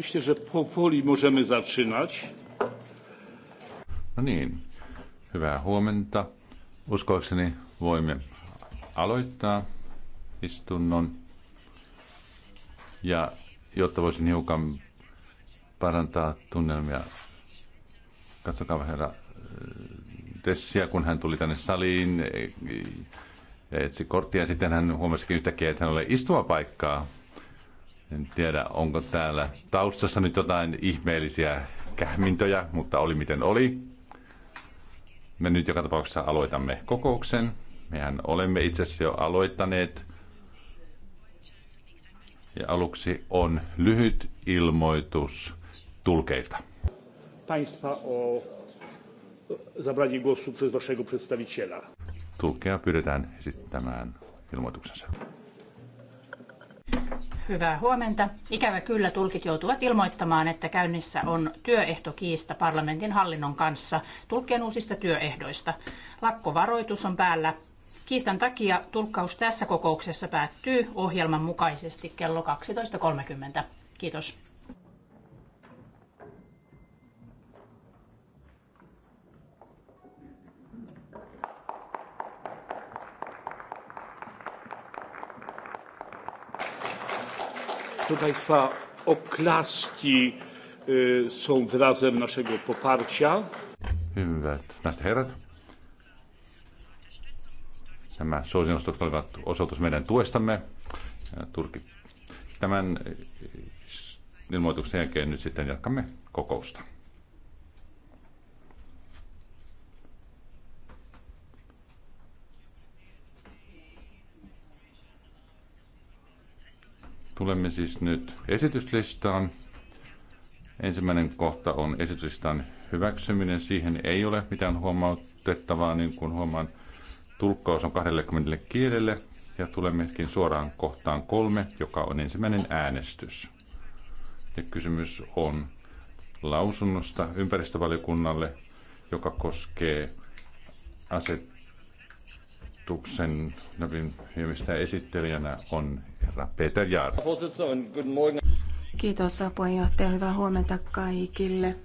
Myślę, że powoli możemy zaczynać. No niin, hyvää huomenta. Uskoakseni voimme aloittaa istunnon. Ja jotta voisin hiukan parantaa tunnelmia, katsokaa herra Tessia, äh, kun hän tuli tänne saliin ja e, e, etsi korttia. Sitten hän huomasikin yhtäkkiä, että hän ole istumapaikkaa. En tiedä, onko täällä taustassa nyt jotain ihmeellisiä kähmintöjä, mutta oli miten oli. Me nyt joka tapauksessa aloitamme kokouksen. Mehän olemme itse asiassa jo aloittaneet. Ja aluksi on lyhyt ilmoitus tulkeilta. Państwa o zabranie głosu przez waszego przedstawiciela. Tulkkeja pyydetään esittämään ilmoituksensa. Hyvää huomenta. Ikävä kyllä tulkit joutuvat ilmoittamaan, että käynnissä on työehtokiista parlamentin hallinnon kanssa tulkkien uusista työehdoista. Lakkovaroitus on päällä. Kiistan takia tulkkaus tässä kokouksessa päättyy ohjelman mukaisesti kello 12.30. Kiitos. Proszę państwa, oklaski są wyrazem naszego poparcia. Hyvät naiset herrat, nämä suosionostukset olivat osoitus meidän tuestamme. Turki. Tämän ilmoituksen jälkeen nyt sitten jatkamme kokousta. Tulemme siis nyt esityslistaan. Ensimmäinen kohta on esityslistan hyväksyminen. Siihen ei ole mitään huomautettavaa, niin kuin huomaan. Tulkkaus on 20 kielelle ja tulemmekin suoraan kohtaan kolme, joka on ensimmäinen äänestys. Ja kysymys on lausunnosta ympäristövaliokunnalle, joka koskee aset hallituksen Nobelin viemistä esittelijänä on herra Peter Jaar. Kiitos puheenjohtaja. Hyvää huomenta kaikille.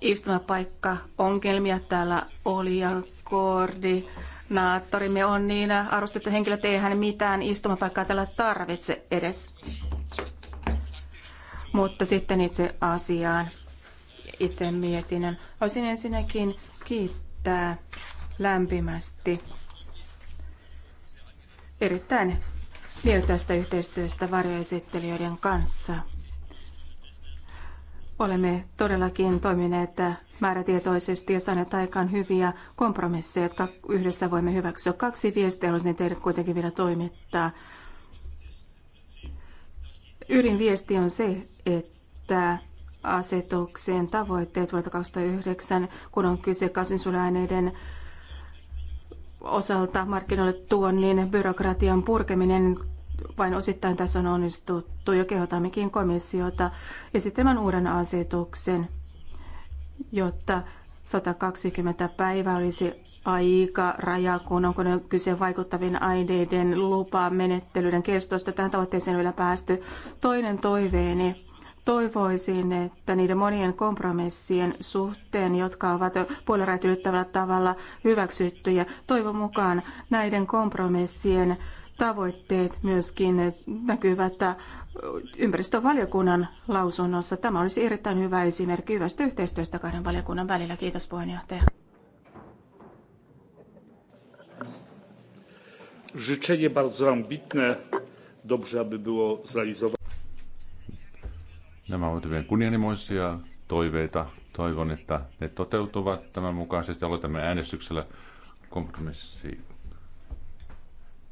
Istumapaikka ongelmia täällä oli ja koordi. Naattorimme on niin arvostettu henkilö, että ei hän mitään istumapaikkaa täällä tarvitse edes. Mutta sitten itse asiaan, itse mietinnön. Olisin ensinnäkin kiittää lämpimästi erittäin mieltästä yhteistyöstä varjoesittelijöiden kanssa. Olemme todellakin toimineet määrätietoisesti ja saaneet aikaan hyviä kompromisseja, jotka yhdessä voimme hyväksyä. Kaksi viestiä haluaisin teille kuitenkin vielä toimittaa. Ydinviesti on se, että asetuksen tavoitteet vuodelta 2009, kun on kyse kasvinsuojeluaineiden osalta markkinoille tuonnin byrokratian purkeminen vain osittain tässä on onnistuttu ja kehotammekin komissiota esittämään uuden asetuksen, jotta 120 päivää olisi aika raja, kun onko ne kyse vaikuttavien aineiden lupamenettelyiden kestosta. Tähän tavoitteeseen on vielä päästy. Toinen toiveeni Toivoisin, että niiden monien kompromissien suhteen, jotka ovat puolirajat ylittävällä tavalla hyväksyttyjä, toivon mukaan näiden kompromissien tavoitteet myöskin näkyvät ympäristövaliokunnan lausunnossa. Tämä olisi erittäin hyvä esimerkki hyvästä yhteistyöstä kahden valiokunnan välillä. Kiitos puheenjohtaja. Życzenie bardzo ambitne, dobrze aby było zrealizowane. Nämä ovat hyvin kunnianhimoisia toiveita. Toivon, että ne toteutuvat tämän mukaisesti. Aloitamme äänestyksellä kompromissi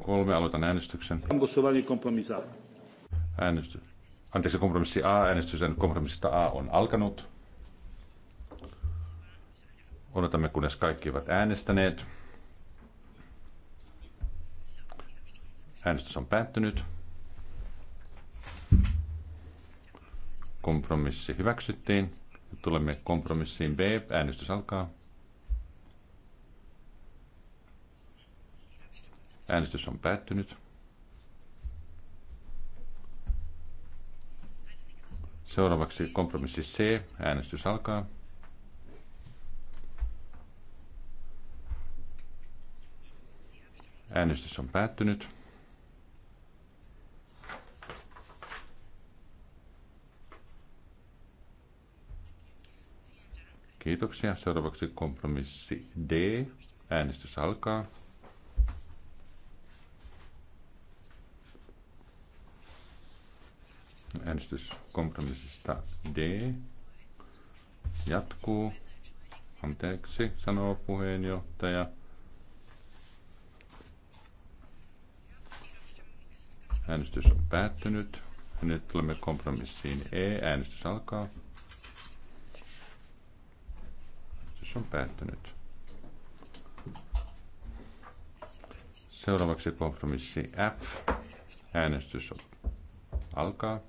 kolme. Aloitan äänestyksen. Äänestys. Anteeksi, kompromissi A. Äänestys kompromissista A on alkanut. Odotamme, kunnes kaikki ovat äänestäneet. Äänestys on päättynyt. Kompromissi hyväksyttiin. Nyt tulemme kompromissiin B. Äänestys alkaa. Äänestys on päättynyt. Seuraavaksi kompromissi C. Äänestys alkaa. Äänestys on päättynyt. Kiitoksia. Seuraavaksi kompromissi D. Äänestys alkaa. Äänestys kompromissista D jatkuu. Anteeksi, sanoo puheenjohtaja. Äänestys on päättynyt. Nyt tulemme kompromissiin E. Äänestys alkaa. on päättynyt. Seuraavaksi kompromissi F. Äänestys alkaa.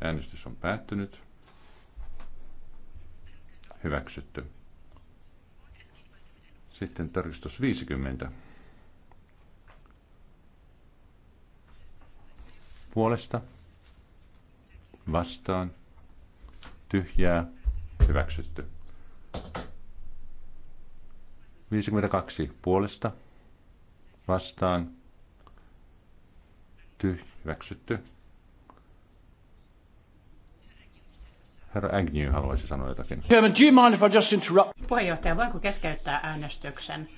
Äänestys on päättynyt. Hyväksytty. Sitten tarkistus 50. Puolesta vastaan, tyhjää, hyväksytty. 52 puolesta, vastaan, tyhjää, hyväksytty. Herra Agnew haluaisi sanoa jotakin. Chairman, do you mind if I just interrupt? Puheenjohtaja, voinko keskeyttää äänestyksen?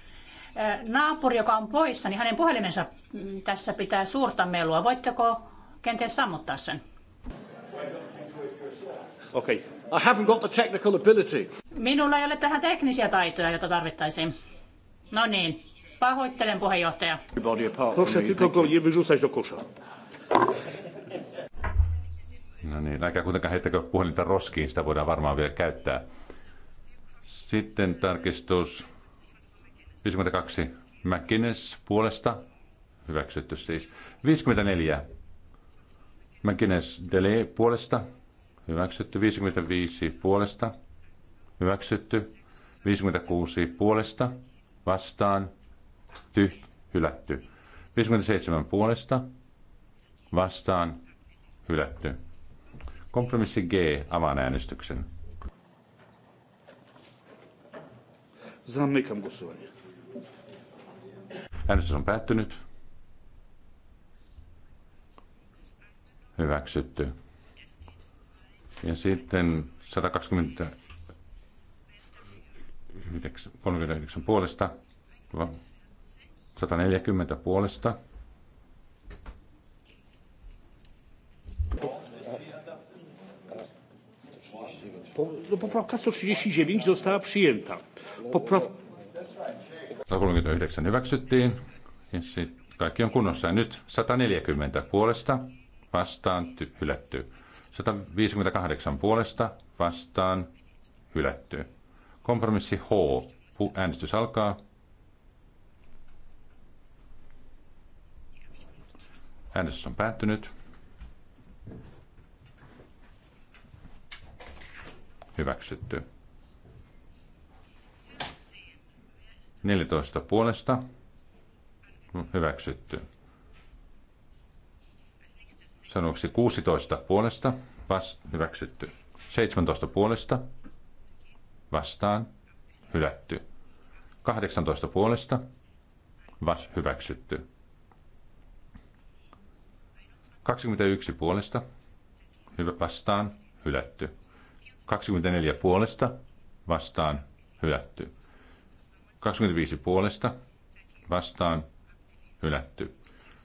Äh, naapuri, joka on poissa, niin hänen puhelimensa mm, tässä pitää suurta melua. Voitteko kenties sammuttaa sen? Okay. I haven't got the technical ability. Minulla ei ole tähän teknisiä taitoja, joita tarvittaisiin. No niin, pahoittelen puheenjohtaja. Proszę tylko go nie wyrzucać do kosza. No niin, älkää kuitenkaan heittäkö puhelinta roskiin, sitä voidaan varmaan vielä käyttää. Sitten tarkistus 52. McGuinness puolesta. Hyväksytty siis. 54. McGuinness Dele puolesta hyväksytty. 55 puolesta, hyväksytty. 56 puolesta, vastaan, tyh, hylätty. 57 puolesta, vastaan, hylätty. Kompromissi G, avaan äänestyksen. Zamykam Äänestys on päättynyt. Hyväksytty. Ja sitten 129 39 puolesta, 140 puolesta. No, poprawka 139 została przyjęta. Popraw... 139 hyväksyttiin. Ja sitten kaikki on kunnossa. Ja nyt 140 puolesta vastaan ty- hylätty. 158 puolesta vastaan hylätty. Kompromissi H. Äänestys alkaa. Äänestys on päättynyt. Hyväksytty. 14 puolesta. Hyväksytty sanoksi 16 puolesta, vast, hyväksytty. 17 puolesta, vastaan, hylätty. 18 puolesta, vas, hyväksytty. 21 puolesta, hyvä, vastaan, hylätty. 24 puolesta, vastaan, hylätty. 25 puolesta, vastaan, hylätty.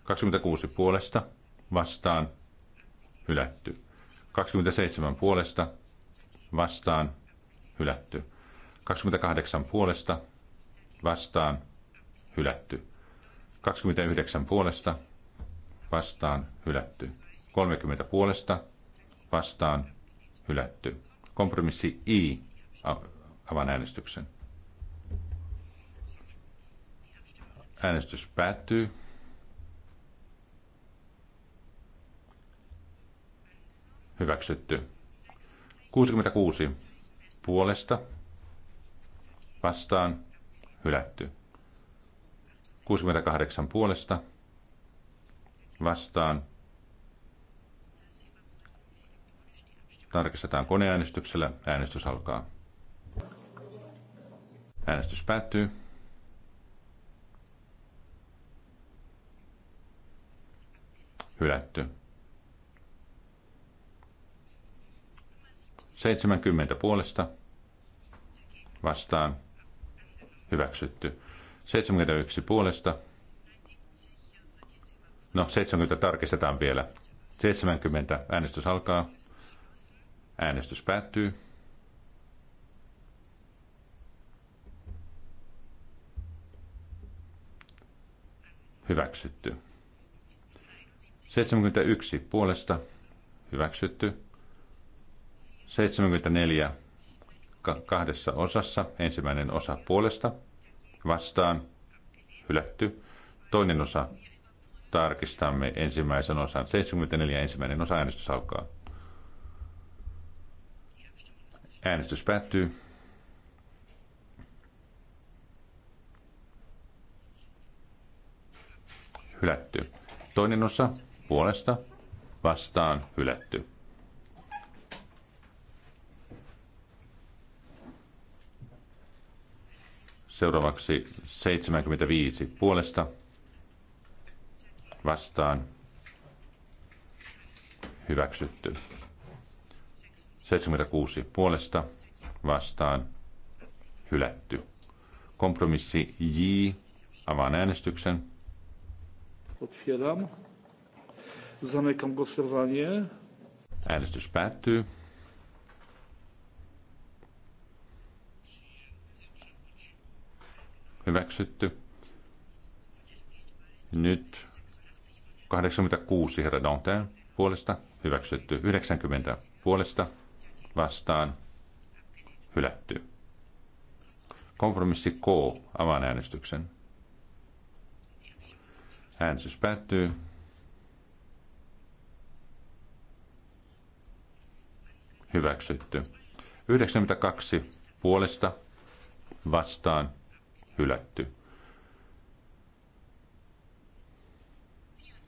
26 puolesta, vastaan, hylätty. 27 puolesta, vastaan, hylätty. 28 puolesta, vastaan, hylätty. 29 puolesta, vastaan, hylätty. 30 puolesta, vastaan, hylätty. Kompromissi I, avan äänestyksen. Äänestys päättyy. hyväksytty. 66 puolesta vastaan hylätty. 68 puolesta vastaan tarkistetaan koneäänestyksellä. Äänestys alkaa. Äänestys päättyy. Hylätty. 70 puolesta vastaan hyväksytty. 71 puolesta. No, 70 tarkistetaan vielä. 70 äänestys alkaa. Äänestys päättyy. Hyväksytty. 71 puolesta. Hyväksytty. 74 kahdessa osassa. Ensimmäinen osa puolesta vastaan hylätty. Toinen osa tarkistamme ensimmäisen osan. 74 ensimmäinen osa äänestys alkaa. Äänestys päättyy. Hylätty. Toinen osa puolesta vastaan hylätty. Seuraavaksi 75 puolesta vastaan hyväksytty. 76 puolesta vastaan hylätty. Kompromissi J. Avaan äänestyksen. Otwieram. Zamykam głosowanie. Äänestys päättyy. hyväksytty. Nyt 86 herra Dantin puolesta, hyväksytty. 90 puolesta, vastaan, hylätty. Kompromissi K, avaan äänestyksen. Äänestys päättyy. Hyväksytty. 92 puolesta vastaan hylätty.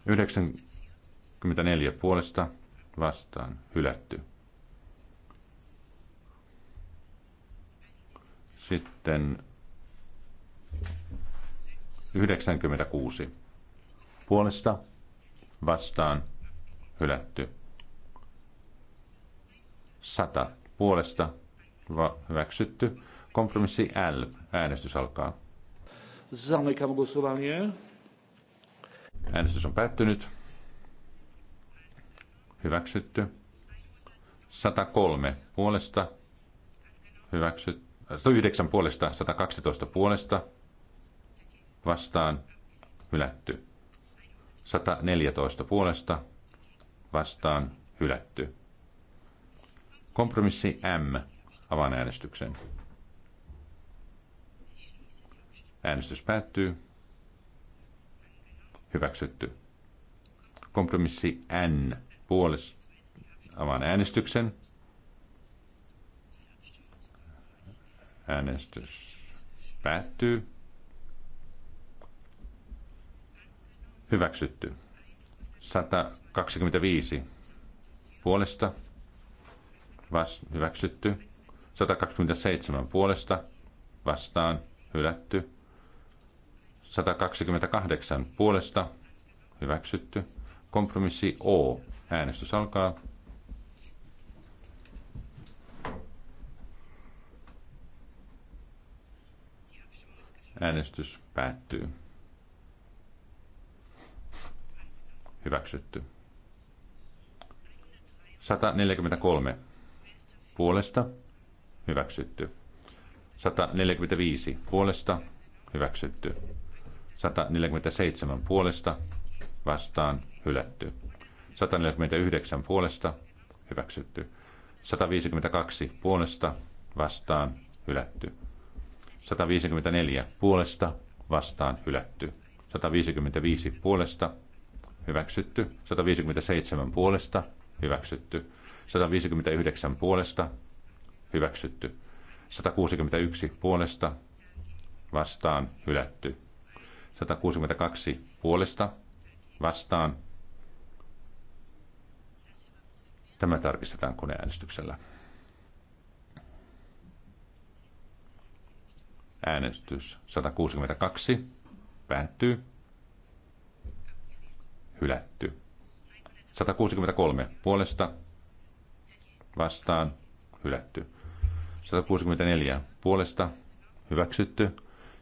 94 puolesta vastaan hylätty. Sitten 96 puolesta vastaan hylätty. 100 puolesta hyväksytty. Kompromissi L Äänestys alkaa. Zamykam głosowanie. Äänestys on päättynyt. Hyväksytty. 103 puolesta. Hyväksytty. Äh, 109 puolesta, 112 puolesta. Vastaan hylätty. 114 puolesta. Vastaan hylätty. Kompromissi M. Avaan äänestyksen. Äänestys päättyy. Hyväksytty. Kompromissi N puolesta avaan äänestyksen. Äänestys päättyy. Hyväksytty. 125 puolesta. Vas, hyväksytty. 127 puolesta. Vastaan. Hylätty. 128 puolesta hyväksytty. Kompromissi O. Äänestys alkaa. Äänestys päättyy. Hyväksytty. 143 puolesta hyväksytty. 145 puolesta hyväksytty. 147 puolesta vastaan hylätty. 149 puolesta hyväksytty. 152 puolesta vastaan hylätty. 154 puolesta vastaan hylätty. 155 puolesta hyväksytty. 157 puolesta hyväksytty. 159 puolesta hyväksytty. 161 puolesta vastaan hylätty. 162 puolesta vastaan. Tämä tarkistetaan koneäänestyksellä. Äänestys 162 päättyy. Hylätty. 163 puolesta vastaan hylätty. 164 puolesta hyväksytty.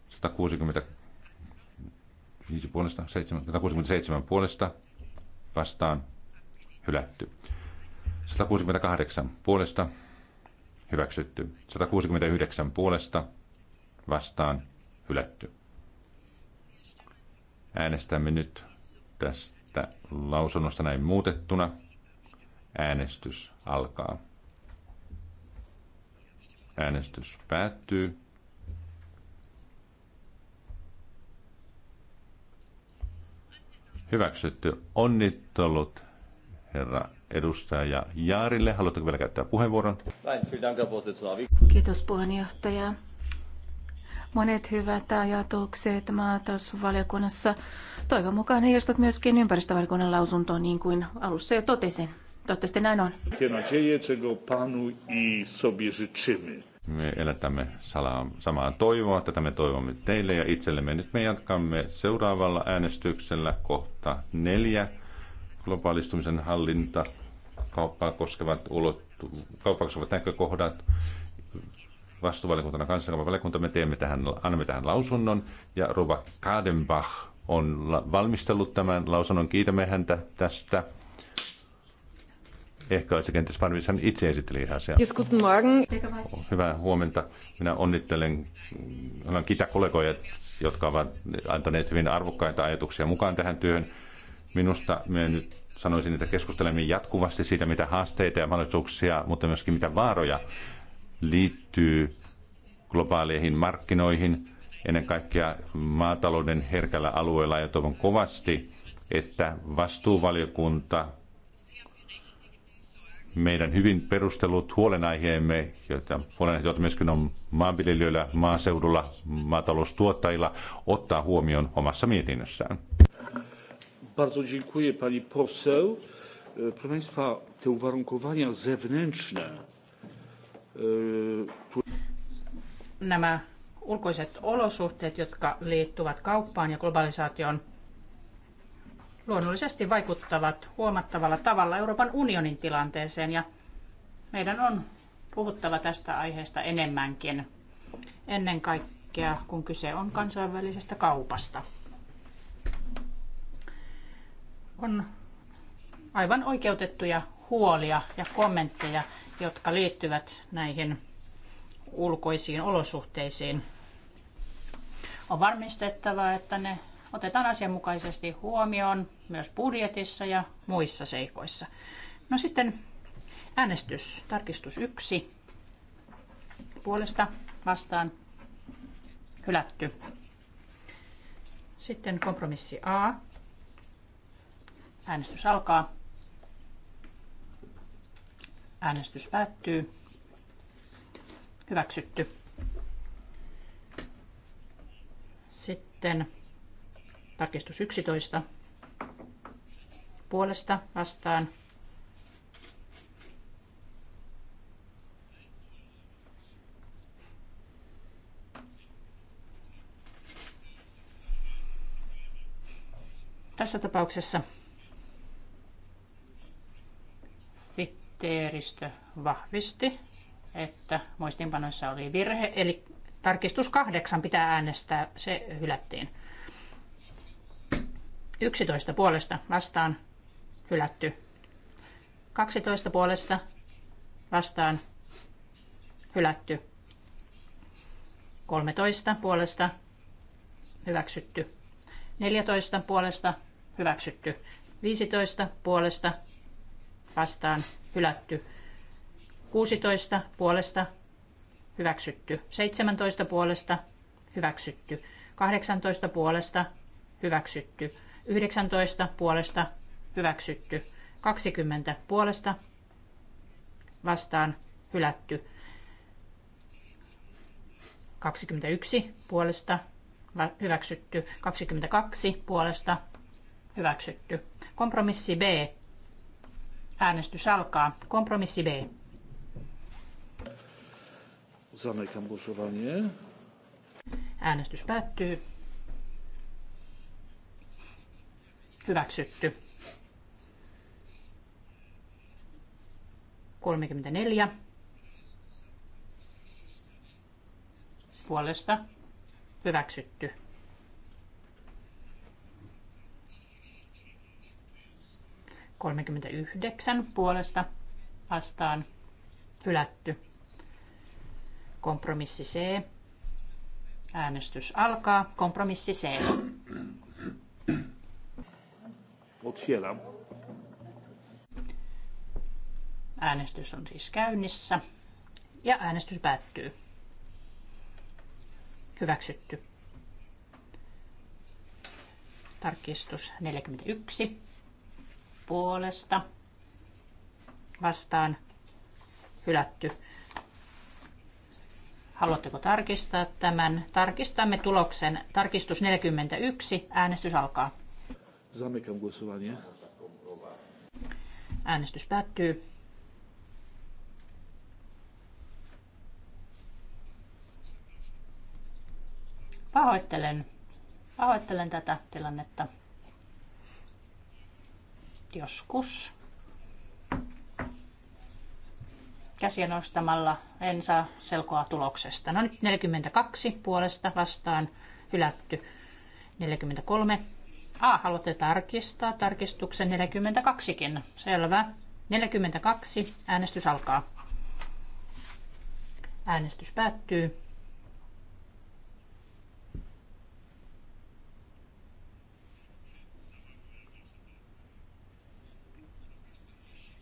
160 5 puolesta, 167 puolesta vastaan hylätty. 168 puolesta hyväksytty. 169 puolesta vastaan hylätty. Äänestämme nyt tästä lausunnosta näin muutettuna. Äänestys alkaa. Äänestys päättyy. Hyväksytty. Onnittelut herra edustaja Jaarille. Haluatteko vielä käyttää puheenvuoron? Kiitos puheenjohtaja. Monet hyvät ajatukset maatalousvaliokunnassa toivon mukaan heijastat myöskin ympäristövaliokunnan lausuntoon, niin kuin alussa jo totesin. Toivottavasti näin on. Me elätämme salaa, samaa toivoa, tätä me toivomme teille ja itsellemme. Nyt me jatkamme seuraavalla äänestyksellä kohta neljä. Globaalistumisen hallinta, kauppaa koskevat, ulottu, kauppaa koskevat näkökohdat, vastuuvaliokuntana kansanvaliokunta, me teemme tähän, annamme tähän lausunnon ja Rova Kadenbach on valmistellut tämän lausunnon. Kiitämme häntä tästä. Ehkä olisi kenties parempi, hän itse esitteli se. Yes, guten Morgen. Hyvää huomenta. Minä onnittelen olen kollegoja, jotka ovat antaneet hyvin arvokkaita ajatuksia mukaan tähän työhön. Minusta me nyt sanoisin, että keskustelemme jatkuvasti siitä, mitä haasteita ja mahdollisuuksia, mutta myöskin mitä vaaroja liittyy globaaleihin markkinoihin, ennen kaikkea maatalouden herkällä alueella. Ja toivon kovasti, että vastuuvaliokunta meidän hyvin perustelut huolenaiheemme, joita huolenaiheita myöskin on maanviljelijöillä, maaseudulla, maataloustuottajilla, ottaa huomioon omassa mietinnössään. Bardzo dziękuję pani poseł. E, proszę państwa, te uwarunkowania zewnętrzne. E, Nämä ulkoiset olosuhteet, jotka liittyvät kauppaan ja globalisaation luonnollisesti vaikuttavat huomattavalla tavalla Euroopan unionin tilanteeseen ja meidän on puhuttava tästä aiheesta enemmänkin, ennen kaikkea kun kyse on kansainvälisestä kaupasta. On aivan oikeutettuja huolia ja kommentteja, jotka liittyvät näihin ulkoisiin olosuhteisiin. On varmistettava, että ne otetaan asianmukaisesti huomioon myös budjetissa ja muissa seikoissa. No sitten äänestys, tarkistus yksi Puolesta vastaan hylätty. Sitten kompromissi A. Äänestys alkaa. Äänestys päättyy. Hyväksytty. Sitten Tarkistus 11. Puolesta vastaan. Tässä tapauksessa sitteeristö vahvisti, että muistinpanoissa oli virhe, eli tarkistus kahdeksan pitää äänestää, se hylättiin. 11 puolesta vastaan hylätty. 12 puolesta vastaan hylätty. 13 puolesta hyväksytty. 14 puolesta hyväksytty. 15 puolesta vastaan hylätty. 16 puolesta hyväksytty. 17 puolesta hyväksytty. 18 puolesta hyväksytty. 19 puolesta hyväksytty. 20 puolesta vastaan hylätty. 21 puolesta hyväksytty. 22 puolesta hyväksytty. Kompromissi B. Äänestys alkaa. Kompromissi B. Zamykam głosowanie. Äänestys päättyy. Hyväksytty. 34. Puolesta. Hyväksytty. 39 puolesta vastaan hylätty. Kompromissi C. Äänestys alkaa. Kompromissi C. Otcielam. Äänestys on siis käynnissä ja äänestys päättyy. Hyväksytty. Tarkistus 41 puolesta vastaan hylätty. Haluatteko tarkistaa tämän? Tarkistamme tuloksen. Tarkistus 41. Äänestys alkaa. Zamykam głosowanie. Äänestys päättyy. Pahoittelen. Pahoittelen tätä tilannetta. Joskus käsiä nostamalla en saa selkoa tuloksesta. No nyt 42 puolesta vastaan hylätty. 43 A, haluatte tarkistaa tarkistuksen 42kin. Selvä. 42. Äänestys alkaa. Äänestys päättyy.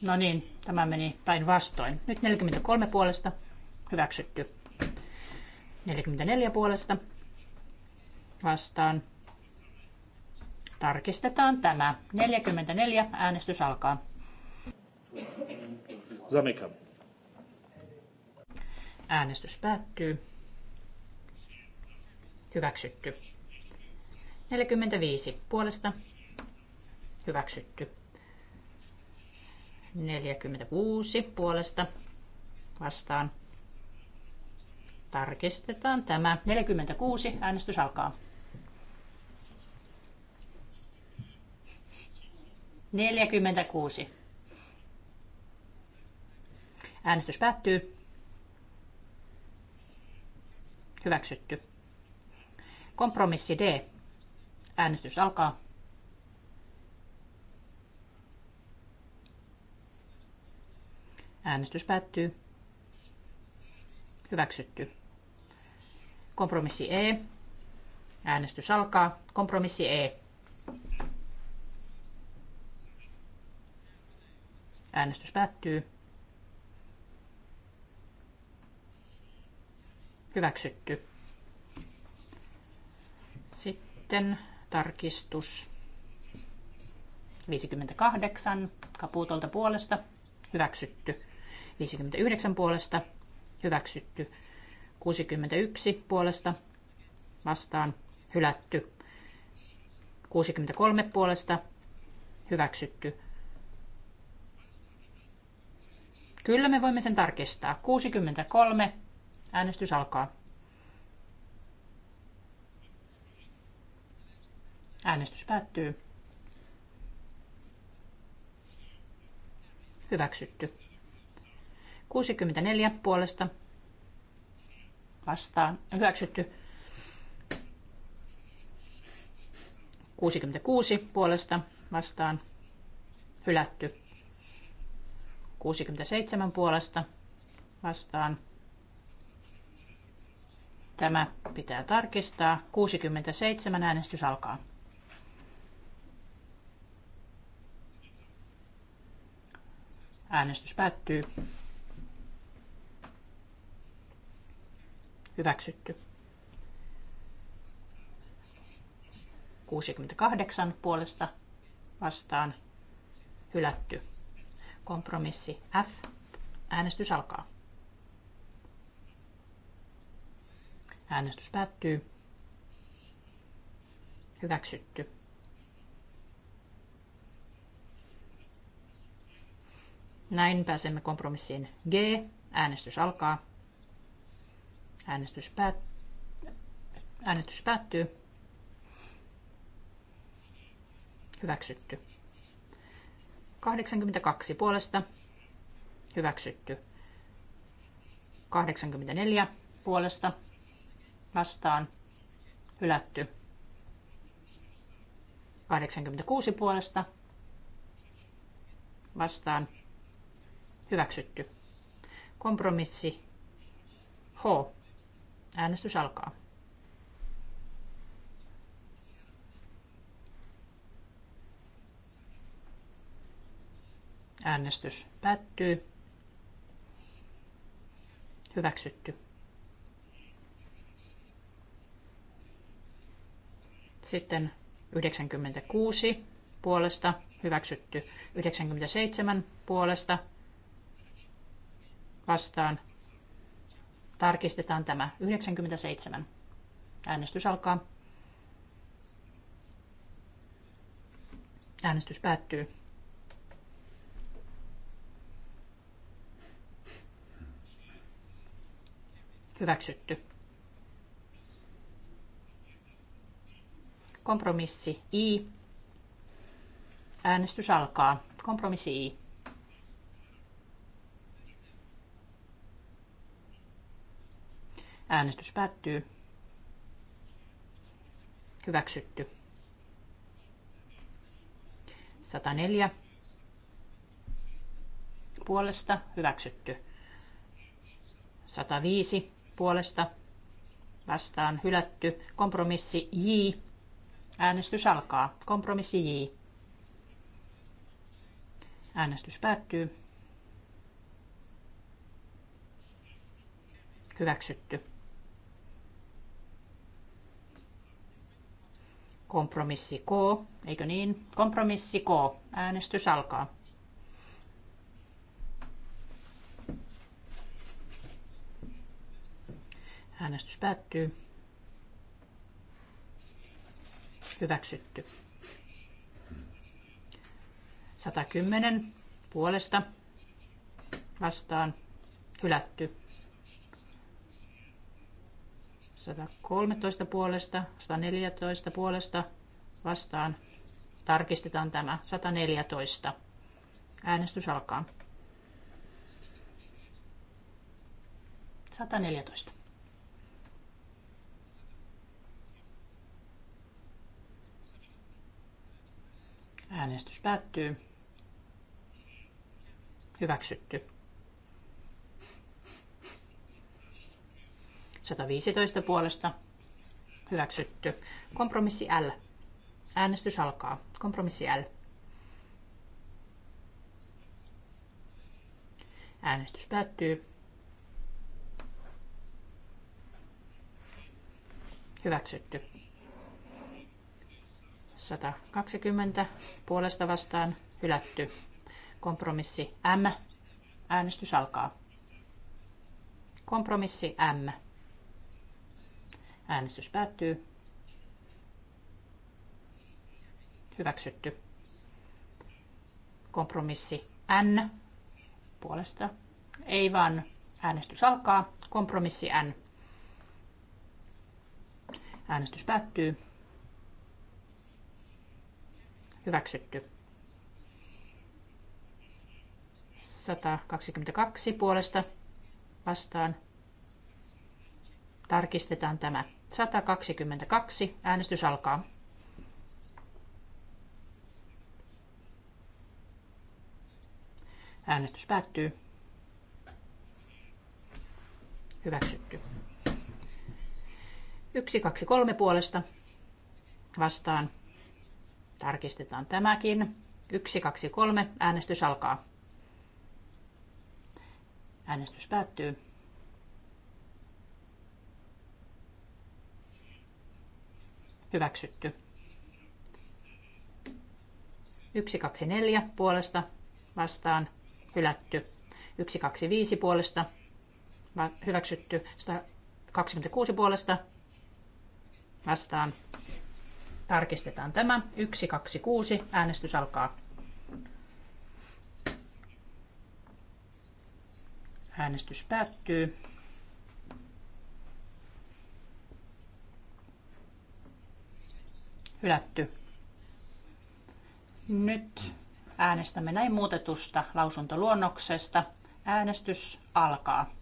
No niin, tämä meni päinvastoin. Nyt 43 puolesta hyväksytty. 44 puolesta vastaan Tarkistetaan tämä. 44. Äänestys alkaa. Zamykam. Äänestys päättyy. Hyväksytty. 45. Puolesta. Hyväksytty. 46. Puolesta. Vastaan. Tarkistetaan tämä. 46. Äänestys alkaa. 46. Äänestys päättyy. Hyväksytty. Kompromissi D. Äänestys alkaa. Äänestys päättyy. Hyväksytty. Kompromissi E. Äänestys alkaa. Kompromissi E. Äänestys päättyy. Hyväksytty. Sitten tarkistus 58 kapuutolta puolesta hyväksytty. 59 puolesta hyväksytty. 61 puolesta vastaan hylätty. 63 puolesta hyväksytty. Kyllä me voimme sen tarkistaa. 63. Äänestys alkaa. Äänestys päättyy. Hyväksytty. 64 puolesta vastaan. Hyväksytty. 66 puolesta vastaan. Hylätty. 67 puolesta vastaan. Tämä pitää tarkistaa. 67 äänestys alkaa. Äänestys päättyy. Hyväksytty. 68 puolesta vastaan hylätty. Kompromissi F. Äänestys alkaa. Äänestys päättyy. Hyväksytty. Näin pääsemme kompromissiin G. Äänestys alkaa. Äänestys, päät... Äänestys päättyy. Hyväksytty. 82 puolesta hyväksytty. 84 puolesta vastaan hylätty. 86 puolesta vastaan hyväksytty. Kompromissi H. Äänestys alkaa. Äänestys päättyy. Hyväksytty. Sitten 96 puolesta hyväksytty. 97 puolesta vastaan. Tarkistetaan tämä. 97. Äänestys alkaa. Äänestys päättyy. Hyväksytty. Kompromissi I. Äänestys alkaa. Kompromissi I. Äänestys päättyy. Hyväksytty. 104. Puolesta hyväksytty. 105 puolesta vastaan hylätty. Kompromissi J. Äänestys alkaa. Kompromissi J. Äänestys päättyy. Hyväksytty. Kompromissi K, eikö niin? Kompromissi K. Äänestys alkaa. Äänestys päättyy. Hyväksytty. 110 puolesta vastaan hylätty. 113 puolesta, 114 puolesta vastaan. Tarkistetaan tämä. 114. Äänestys alkaa. 114. Äänestys päättyy. Hyväksytty. 115 puolesta. Hyväksytty. Kompromissi L. Äänestys alkaa. Kompromissi L. Äänestys päättyy. Hyväksytty. 120 puolesta vastaan hylätty. Kompromissi M. Äänestys alkaa. Kompromissi M. Äänestys päättyy. Hyväksytty. Kompromissi N puolesta. Ei vaan äänestys alkaa. Kompromissi N. Äänestys päättyy. Hyväksytty. 122 puolesta vastaan. Tarkistetaan tämä. 122. Äänestys alkaa. Äänestys päättyy. Hyväksytty. 1, 2, 3 puolesta vastaan Tarkistetaan tämäkin. 1, 2, 3. Äänestys alkaa. Äänestys päättyy. Hyväksytty. neljä. puolesta vastaan hylätty. viisi. puolesta hyväksytty. 126 puolesta vastaan Tarkistetaan tämä. 6. Äänestys alkaa. Äänestys päättyy. Hylätty. Nyt äänestämme näin muutetusta lausuntoluonnoksesta. Äänestys alkaa.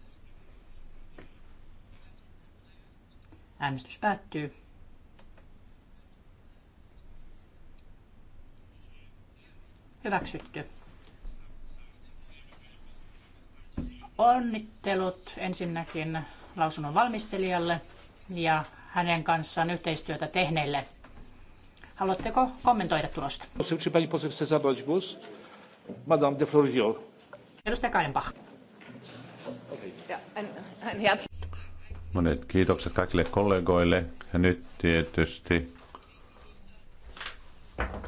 Äänestys päättyy. Hyväksytty. Onnittelut ensinnäkin lausunnon valmistelijalle ja hänen kanssaan yhteistyötä tehneille. Haluatteko kommentoida tulosta? Madame de Florio. Edustaja Kaidenbach. Monet kiitokset kaikille kollegoille. Ja nyt tietysti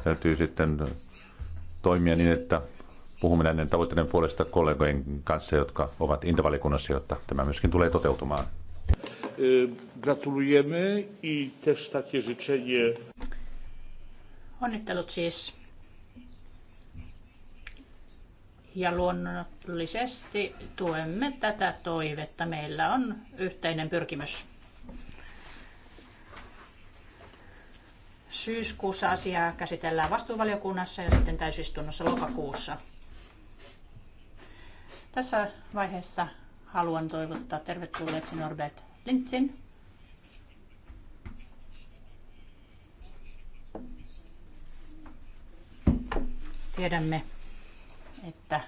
täytyy sitten toimia niin, että puhumme näiden tavoitteiden puolesta kollegojen kanssa, jotka ovat intavalikunnassa, jotta tämä myöskin tulee toteutumaan. Gratulujemme i też takie życzenie. Onnittelut siis. Ja luonnollisesti tuemme tätä toivetta. Meillä on yhteinen pyrkimys. Syyskuussa asiaa käsitellään vastuuvaliokunnassa ja sitten täysistunnossa lokakuussa. Tässä vaiheessa haluan toivottaa tervetulleeksi Norbert Lintsin. Tiedämme, että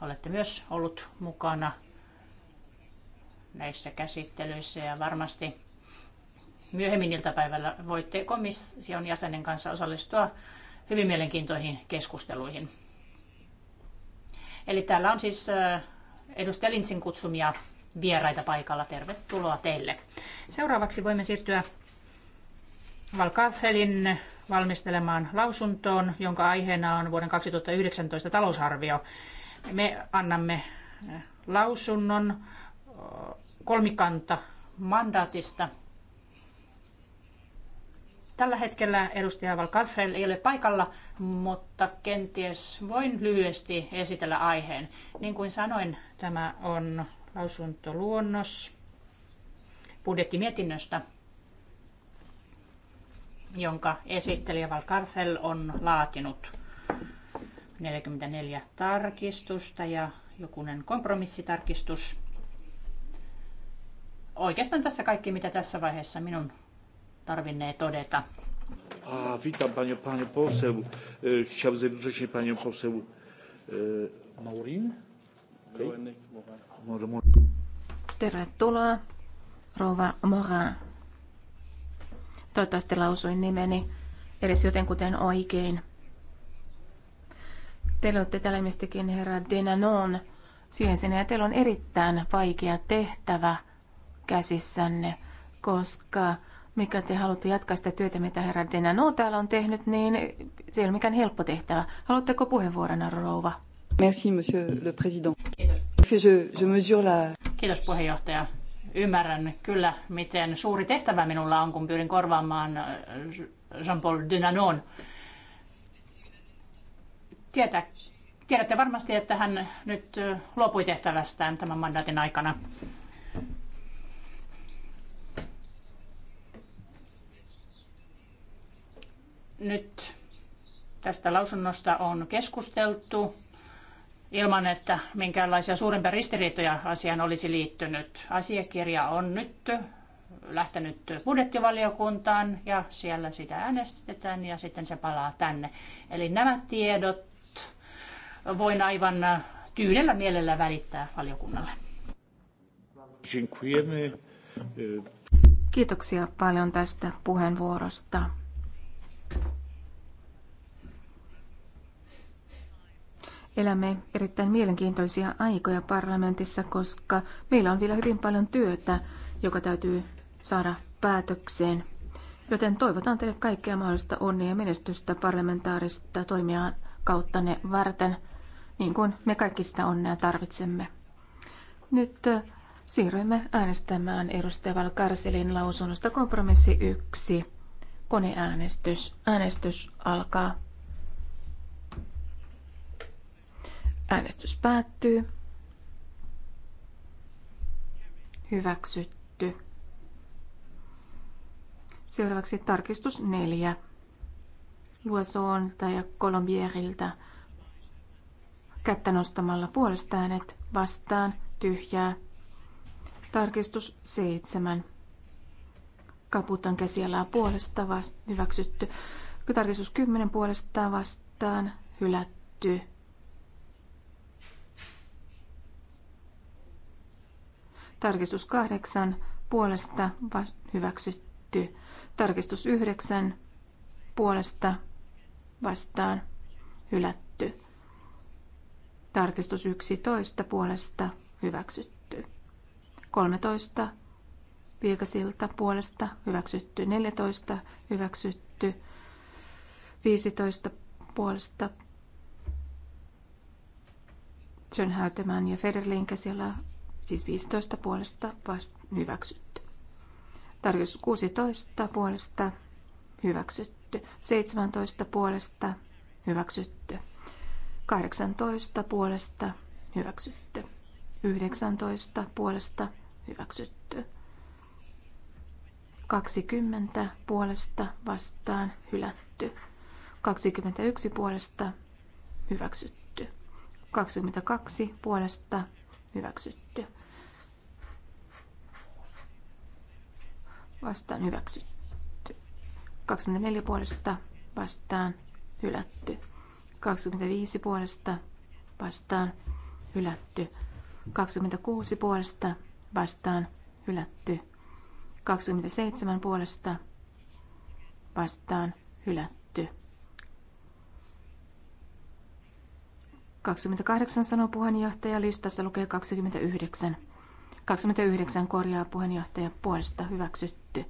olette myös ollut mukana näissä käsittelyissä ja varmasti myöhemmin iltapäivällä voitte komission jäsenen kanssa osallistua hyvin mielenkiintoihin keskusteluihin. Eli täällä on siis edustaja Lintsin kutsumia vieraita paikalla. Tervetuloa teille. Seuraavaksi voimme siirtyä Valkafelin valmistelemaan lausuntoon, jonka aiheena on vuoden 2019 talousarvio. Me annamme lausunnon kolmikanta mandaatista Tällä hetkellä edustaja Valkansrel ei ole paikalla, mutta kenties voin lyhyesti esitellä aiheen. Niin kuin sanoin, tämä on lausuntoluonnos budjettimietinnöstä, jonka esittelijä Valkarsel on laatinut 44 tarkistusta ja jokunen kompromissitarkistus. Oikeastaan tässä kaikki, mitä tässä vaiheessa minun tarvinnee todeta. A, witam panią, panią poseł. E, chciałbym jednocześnie panią poseł e, Maurin. Okay. Tervetuloa, rouva Morin. Toivottavasti lausuin nimeni edes jotenkuten oikein. Teillä olette täällä mistäkin herra Denanon siihen sinne, ja teillä on erittäin vaikea tehtävä käsissänne, koska mikä te haluatte jatkaa sitä työtä, mitä herra Denano täällä on tehnyt, niin se ei ole mikään helppo tehtävä. Haluatteko puheenvuorona, rouva? Merci, monsieur le président. Kiitos. Je, je mesure la... Kiitos puheenjohtaja. Ymmärrän kyllä, miten suuri tehtävä minulla on, kun pyrin korvaamaan Jean-Paul Dynanon. Tietä, tiedätte varmasti, että hän nyt luopui tehtävästään tämän mandaatin aikana. Nyt tästä lausunnosta on keskusteltu ilman, että minkäänlaisia suurempia ristiriitoja asiaan olisi liittynyt. Asiakirja on nyt lähtenyt budjettivaliokuntaan ja siellä sitä äänestetään ja sitten se palaa tänne. Eli nämä tiedot voin aivan tyydellä mielellä välittää valiokunnalle. Kiitoksia paljon tästä puheenvuorosta. Elämme erittäin mielenkiintoisia aikoja parlamentissa, koska meillä on vielä hyvin paljon työtä, joka täytyy saada päätökseen. Joten toivotan teille kaikkea mahdollista onnea ja menestystä parlamentaarista toimia kauttanne varten, niin kuin me kaikki sitä onnea tarvitsemme. Nyt äh, siirrymme äänestämään edustaja Valkarselin lausunnosta kompromissi 1. Koneäänestys. Äänestys alkaa. Äänestys päättyy. Hyväksytty. Seuraavaksi tarkistus neljä. Luosoonilta ja Kolombieriltä. Kättä nostamalla puolesta äänet vastaan tyhjää. Tarkistus seitsemän. Kaputon käsialaa puolesta vastaan. hyväksytty. Tarkistus kymmenen puolestaan vastaan hylätty. Tarkistus 8 puolesta hyväksytty. Tarkistus 9 puolesta vastaan hylätty. Tarkistus 11 puolesta hyväksytty. 13 Viikasilta puolesta hyväksytty. 14 hyväksytty. 15 puolesta Sönhäytemän ja Federlin käsillä siis 15 puolesta vast, hyväksytty. Tarjous 16 puolesta hyväksytty. 17 puolesta hyväksytty. 18 puolesta hyväksytty. 19 puolesta hyväksytty. 20 puolesta vastaan hylätty. 21 puolesta hyväksytty. 22 puolesta Hyväksytty. Vastaan hyväksytty. 24 puolesta vastaan hylätty. 25 puolesta vastaan hylätty. 26 puolesta vastaan hylätty. 27 puolesta vastaan hylätty. 28 sanoo puheenjohtaja, listassa lukee 29. 29 korjaa puheenjohtaja puolesta hyväksytty.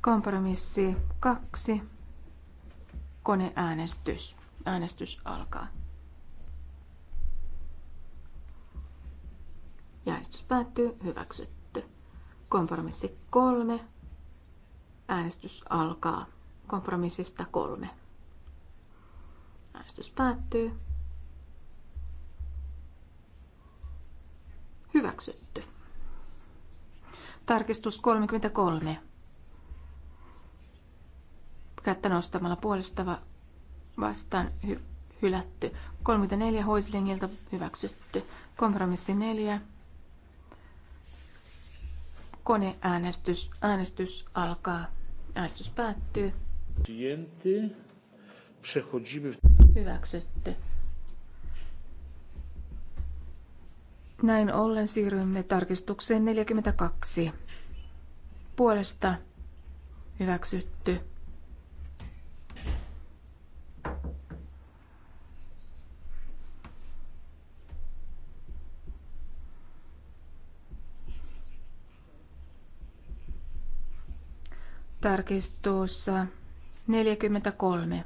Kompromissi 2. Koneäänestys. Äänestys alkaa. äänestys päättyy. Hyväksytty. Kompromissi 3. Äänestys alkaa. Kompromissista 3. Äänestys päättyy Hyväksytty. Tarkistus 33. Kättä nostamalla puolesta vastaan hy- hylätty. 34 hoislingilta hyväksytty. Kompromissi 4. Koneäänestys. Äänestys alkaa. Äänestys päättyy. Hyväksytty. Näin ollen siirrymme tarkistukseen 42. Puolesta hyväksytty. Tarkistus 43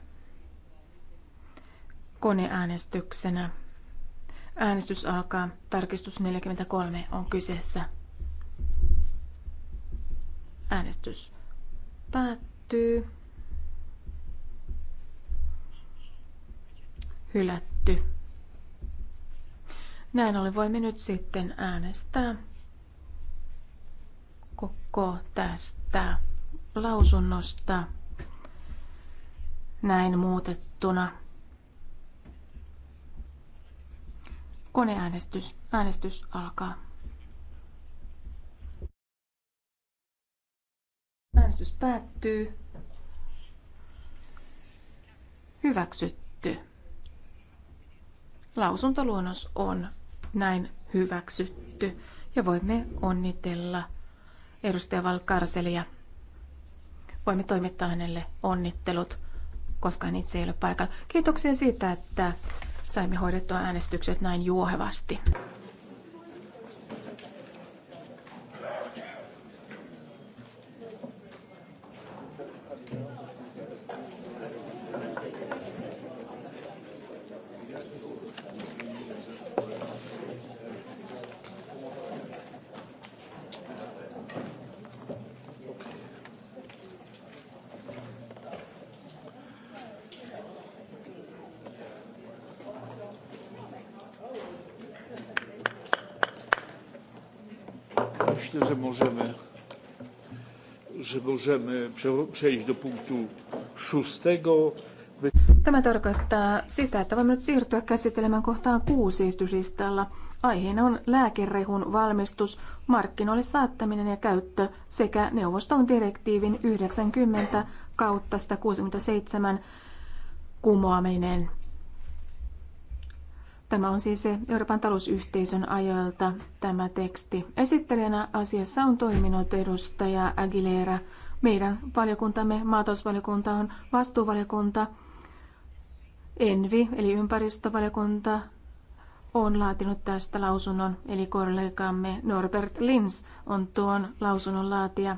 koneäänestyksenä. Äänestys alkaa. Tarkistus 43 on kyseessä. Äänestys päättyy. Hylätty. Näin oli voimme nyt sitten äänestää koko tästä lausunnosta näin muutettuna. Koneäänestys. Äänestys alkaa. Äänestys päättyy. Hyväksytty. Lausuntoluonnos on näin hyväksytty ja voimme onnitella edustaja Valkarselia. Voimme toimittaa hänelle onnittelut, koska hän itse ei ole paikalla. Kiitoksia siitä, että saimme hoidettua äänestykset näin juohevasti. że możemy przejść do punktu szóstego. Tämä tarkoittaa sitä, että voimme nyt siirtyä käsittelemään kohtaan kuusi esityslistalla. Aiheena on lääkerehun valmistus, markkinoille saattaminen ja käyttö sekä neuvoston direktiivin 90 kautta 167 kumoaminen. Tämä on siis Euroopan talousyhteisön ajoilta tämä teksti. Esittelijänä asiassa on toiminut edustaja Aguilera. Meidän valiokuntamme, maatalousvaliokunta, on vastuuvaliokunta. Envi, eli ympäristövaliokunta, on laatinut tästä lausunnon, eli kollegamme Norbert Lins on tuon lausunnon laatija.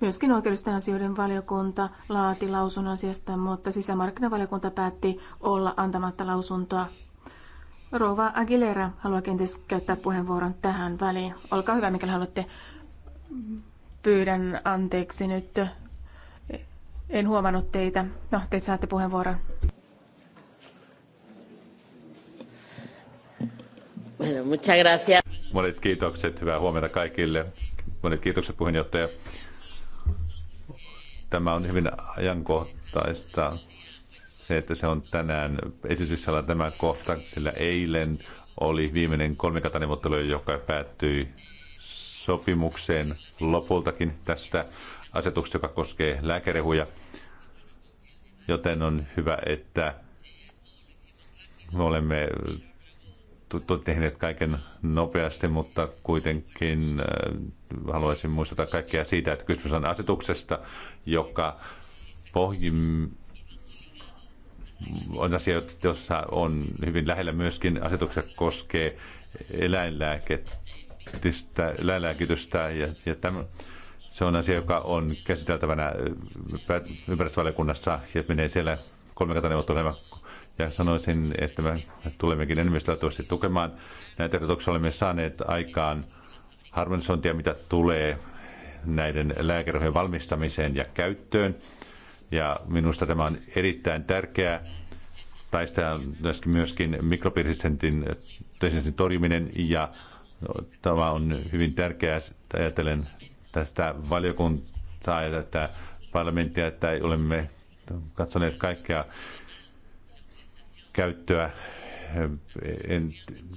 Myöskin oikeudellisten asioiden valiokunta laati lausun asiasta, mutta sisämarkkinavaliokunta päätti olla antamatta lausuntoa. Rova Aguilera haluaa kenties käyttää puheenvuoron tähän väliin. Olkaa hyvä, mikäli haluatte. Pyydän anteeksi nyt. En huomannut teitä. No, te saatte puheenvuoron. Monet kiitokset. Hyvää huomenta kaikille. Monet kiitokset puheenjohtaja. Tämä on hyvin ajankohtaista se, että se on tänään esityksellä tämä kohta, sillä eilen oli viimeinen kolmikatanivottelu, joka päättyi sopimukseen lopultakin tästä asetuksesta, joka koskee lääkärehuja. Joten on hyvä, että me olemme tehneet kaiken nopeasti, mutta kuitenkin äh, haluaisin muistuttaa kaikkia siitä, että kysymys on asetuksesta, joka pohjim, on asia, jossa on hyvin lähellä myöskin asetuksia koskee eläinlääkitystä, eläinlääkitystä ja, ja tämän, se on asia, joka on käsiteltävänä äh, ympäristövaliokunnassa ja menee siellä kolmikantaneuvottelujen ja sanoisin, että me tulemmekin enemmistöllä tukemaan näitä ehdotuksia. Olemme saaneet aikaan harmonisointia, mitä tulee näiden lääkerohjen valmistamiseen ja käyttöön. Ja minusta tämä on erittäin tärkeää. Taistaa myöskin mikropersistentin torjuminen ja no, tämä on hyvin tärkeää, ajatellen tästä valiokuntaa ja tätä parlamenttia, että olemme katsoneet kaikkea käyttöä, en,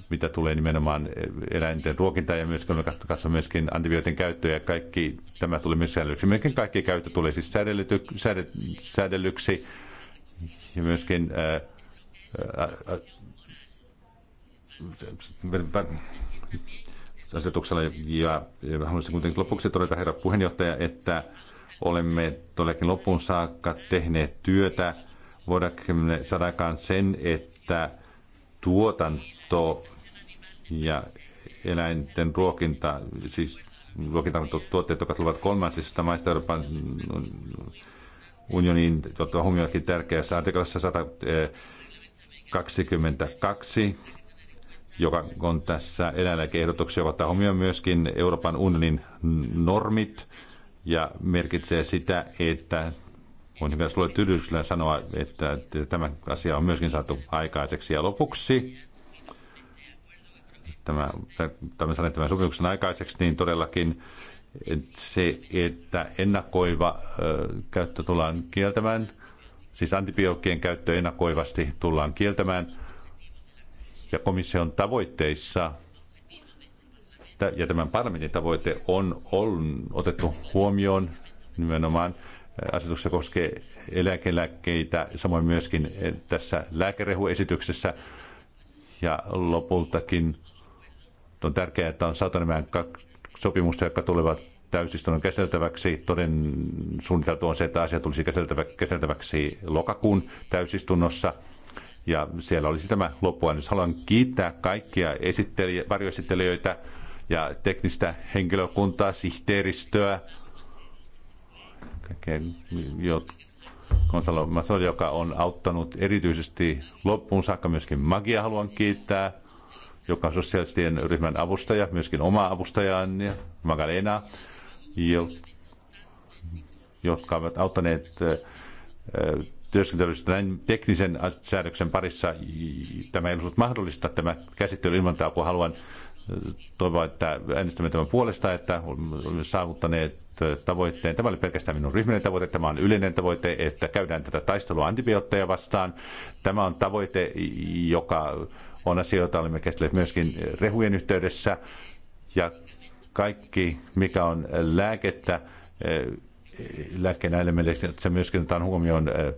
mitä tulee nimenomaan eläinten ruokintaan ja myöskin katsomme myöskin antibiootin käyttöä ja kaikki tämä tuli myös säädellyksi. Myöskin kaikki käyttö tuli siis säädellyty, säädellyksi ja myöskin ää, ää, ää, asetuksella. Ja, ja haluaisin kuitenkin lopuksi todeta, herra puheenjohtaja, että olemme todellakin loppuun saakka tehneet työtä voidaanko saada aikaan sen, että tuotanto ja eläinten ruokinta, siis ruokintatuotteet, jotka tulevat kolmansista maista Euroopan unionin, ottaa huomioonkin tärkeässä artiklassa 122, eh, joka on tässä eläinlääkeehdotuksia, ottaa huomioon myöskin Euroopan unionin normit ja merkitsee sitä, että on hyvä sulle tyydyksellä sanoa, että tämä asia on myöskin saatu aikaiseksi. Ja lopuksi tämä, tämä, tämän sopimuksen aikaiseksi, niin todellakin se, että ennakoiva käyttö tullaan kieltämään, siis antibiookkien käyttö ennakoivasti tullaan kieltämään, ja komission tavoitteissa ja tämän parlamentin tavoite on, on otettu huomioon nimenomaan asetuksessa koskee eläkelääkkeitä, samoin myöskin eh, tässä lääkerehuesityksessä. Ja lopultakin on tärkeää, että on saatu nämä sopimusta, jotka tulevat täysistunnon käsiteltäväksi. Toden suunniteltu on se, että asia tulisi käsiteltäväksi lokakuun täysistunnossa. Ja siellä olisi tämä loppuäänestys. Haluan kiittää kaikkia esittelijä, varjoesittelijöitä ja teknistä henkilökuntaa, sihteeristöä, Gonzalo Masol, joka on auttanut erityisesti loppuun saakka myöskin Magia haluan kiittää, joka on sosiaalistien ryhmän avustaja, myöskin oma avustajaan Magalena, jotka ovat auttaneet työskentelystä näin teknisen säädöksen parissa. Tämä ei ollut mahdollista tämä käsittely ilman kun Haluan toivoa, että äänestämme tämän puolesta, että olemme saavuttaneet Eh, tavoitteen. Tämä oli pelkästään minun ryhmäinen tavoite, tämä on yleinen tavoite, että käydään tätä taistelua antibiootteja vastaan. Tämä on tavoite, joka on asia, jota olemme käsitelleet myöskin rehujen yhteydessä. Ja kaikki, mikä on lääkettä, eh, lääkkeen elementeistä, se myöskin otetaan huomioon eh,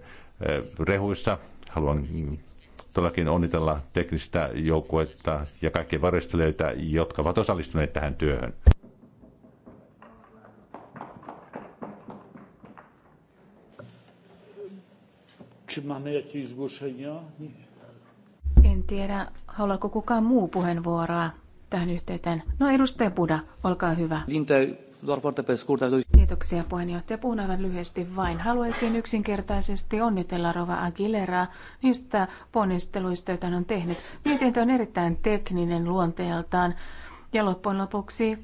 rehuissa. Haluan todellakin onnitella teknistä joukkuetta ja kaikkia varistelijoita, jotka ovat osallistuneet tähän työhön. Czy mamy jakieś zgłoszenia? En tiedä, haluaako kukaan muu puheenvuoroa tähän yhteyteen. No edustaja Buda, olkaa hyvä. Kiitoksia puheenjohtaja. Puhun aivan lyhyesti vain. Haluaisin yksinkertaisesti onnitella Rova Aguileraa niistä ponnisteluista, joita hän on tehnyt. Mietintö on erittäin tekninen luonteeltaan ja loppujen lopuksi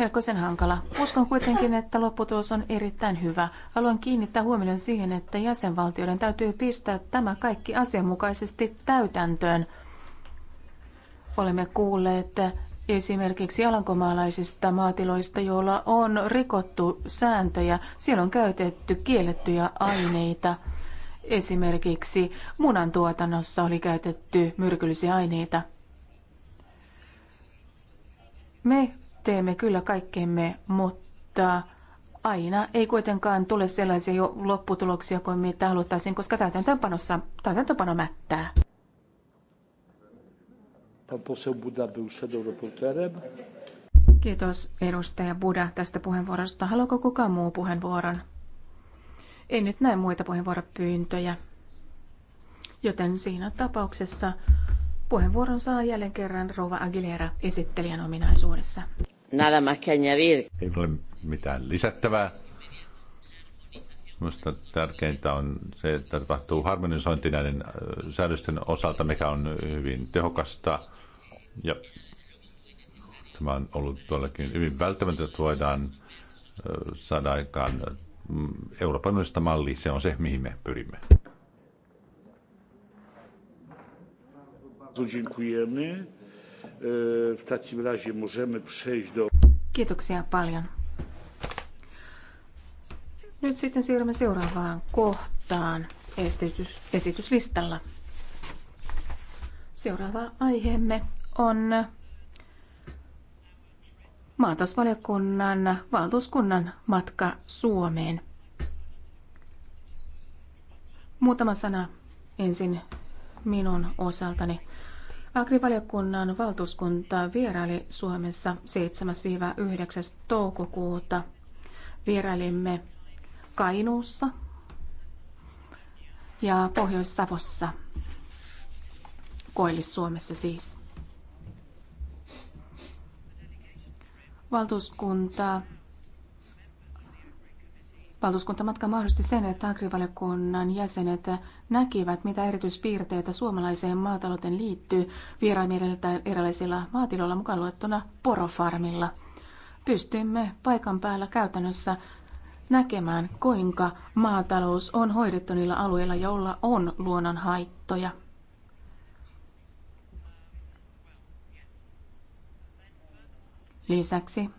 melkoisen hankala. Uskon kuitenkin, että lopputulos on erittäin hyvä. Haluan kiinnittää huomioon siihen, että jäsenvaltioiden täytyy pistää tämä kaikki asianmukaisesti täytäntöön. Olemme kuulleet esimerkiksi alankomaalaisista maatiloista, joilla on rikottu sääntöjä. Siellä on käytetty kiellettyjä aineita. Esimerkiksi munan tuotannossa oli käytetty myrkyllisiä aineita. Me Teemme kyllä kaikkemme, mutta aina ei kuitenkaan tule sellaisia jo lopputuloksia kuin mitä haluttaisiin, koska täytäntöönpanossa täytäntöönpano mättää. Kiitos edustaja Buda tästä puheenvuorosta. Haluaako kukaan muu puheenvuoron? En nyt näe muita puheenvuoropyyntöjä. Joten siinä tapauksessa Puheenvuoron saa jälleen kerran Rouva Aguilera esittelijän ominaisuudessa. Nada más que añadir. Ei ole mitään lisättävää. Minusta tärkeintä on se, että tapahtuu harmonisointi näiden äh, säädösten osalta, mikä on hyvin tehokasta. Ja tämä on ollut tuollakin hyvin välttämätöntä, että voidaan äh, saada aikaan äh, Euroopan malli. Se on se, mihin me pyrimme. Dziękujemy. E, w takim razie możemy przejść do... Kiitoksia paljon. Nyt sitten siirrymme seuraavaan kohtaan esitys, esityslistalla. Seuraava aiheemme on maatasvaliokunnan valtuuskunnan matka Suomeen. Muutama sana ensin minun osaltani. Agrivaliokunnan valtuuskunta vieraili Suomessa 7-9. toukokuuta. Vierailimme Kainuussa ja Pohjois-Savossa, Koillis-Suomessa siis. Valtuuskunta Valtuuskuntamatka mahdollisti sen, että agrivaliokunnan jäsenet näkivät, mitä erityispiirteitä suomalaiseen maatalouteen liittyy vieraimieliltään erilaisilla maatiloilla mukaan luettuna porofarmilla. Pystyimme paikan päällä käytännössä näkemään, kuinka maatalous on hoidettu niillä alueilla, joilla on luonnon haittoja. Lisäksi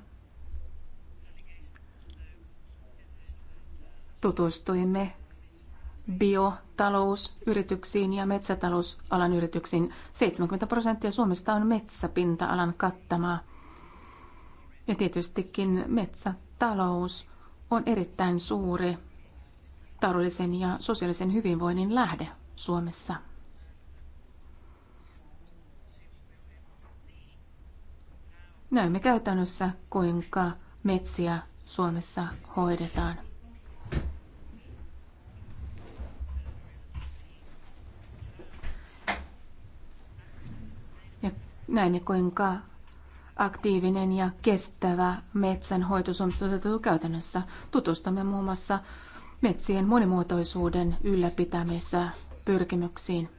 tutustuimme biotalousyrityksiin ja metsätalousalan yrityksiin. 70 prosenttia Suomesta on metsäpinta-alan kattamaa. Ja tietystikin metsätalous on erittäin suuri taloudellisen ja sosiaalisen hyvinvoinnin lähde Suomessa. Näemme käytännössä, kuinka metsiä Suomessa hoidetaan. näemme kuinka aktiivinen ja kestävä metsänhoito Suomessa toteutuu käytännössä. Tutustumme muun muassa metsien monimuotoisuuden ylläpitämisessä pyrkimyksiin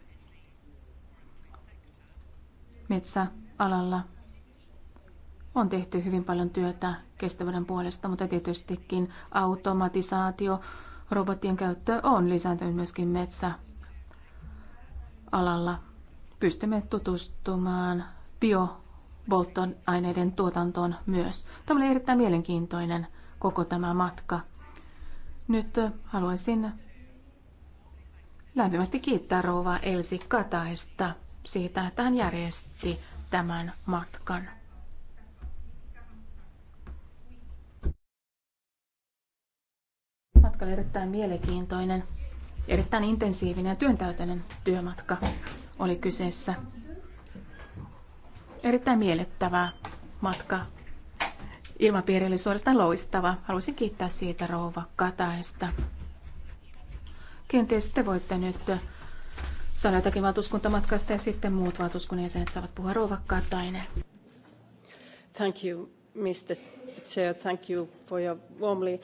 metsäalalla on tehty hyvin paljon työtä kestävyyden puolesta, mutta tietystikin automatisaatio, robottien käyttö on lisääntynyt myöskin metsäalalla. Pystymme tutustumaan biopolttoaineiden tuotantoon myös. Tämä oli erittäin mielenkiintoinen koko tämä matka. Nyt haluaisin lämpimästi kiittää rouva Elsi Kataista siitä, että hän järjesti tämän matkan. Matka oli erittäin mielenkiintoinen, erittäin intensiivinen ja työntäyteinen työmatka oli kyseessä erittäin miellyttävä matka. Ilmapiiri oli suorastaan loistava. Haluaisin kiittää siitä rouva Kataista. Kenties te voitte nyt sanoa jotakin valtuuskuntamatkasta ja sitten muut valtuuskunnan jäsenet saavat puhua rouva Katainen. Thank you, Mr. Chair. Thank you for your warmly...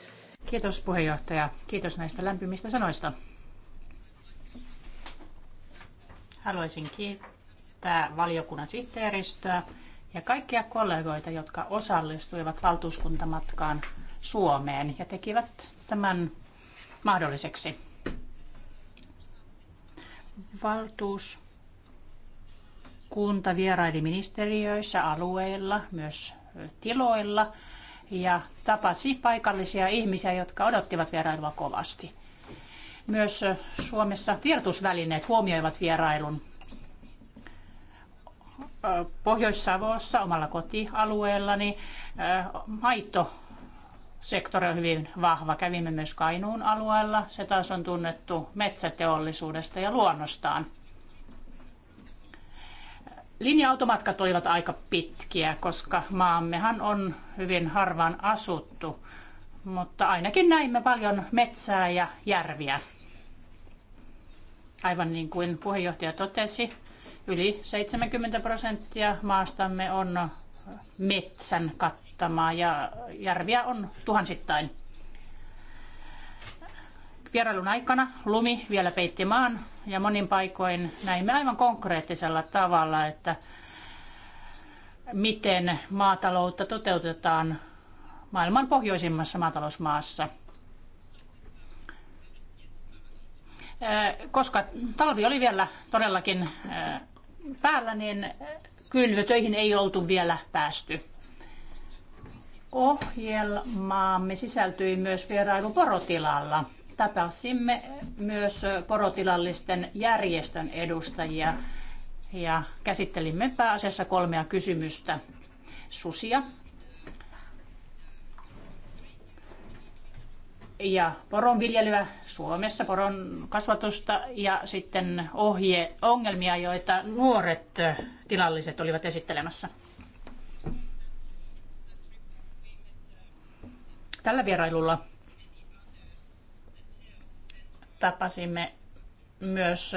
Kiitos puheenjohtaja. Kiitos näistä lämpimistä sanoista. Haluaisin kiittää kiittää valiokunnan sihteeristöä ja kaikkia kollegoita, jotka osallistuivat valtuuskuntamatkaan Suomeen ja tekivät tämän mahdolliseksi. Valtuuskunta vieraili ministeriöissä, alueilla, myös tiloilla ja tapasi paikallisia ihmisiä, jotka odottivat vierailua kovasti. Myös Suomessa tiedotusvälineet huomioivat vierailun Pohjois-Savossa omalla kotialueellani maito sektori on hyvin vahva. Kävimme myös Kainuun alueella. Se taas on tunnettu metsäteollisuudesta ja luonnostaan. Linja-automatkat olivat aika pitkiä, koska maammehan on hyvin harvaan asuttu, mutta ainakin näimme paljon metsää ja järviä. Aivan niin kuin puheenjohtaja totesi, Yli 70 prosenttia maastamme on metsän kattamaa ja järviä on tuhansittain. Vierailun aikana lumi vielä peitti maan ja monin paikoin näimme aivan konkreettisella tavalla, että miten maataloutta toteutetaan maailman pohjoisimmassa maatalousmaassa. Koska talvi oli vielä todellakin päällä, niin äh, kylvötöihin ei oltu vielä päästy. Ohjelmaamme sisältyi myös vierailu porotilalla. Tapasimme myös porotilallisten järjestön edustajia ja käsittelimme pääasiassa kolmea kysymystä. Susia, ja poronviljelyä Suomessa, poron kasvatusta ja sitten ohjeongelmia, joita nuoret tilalliset olivat esittelemässä. Tällä vierailulla tapasimme myös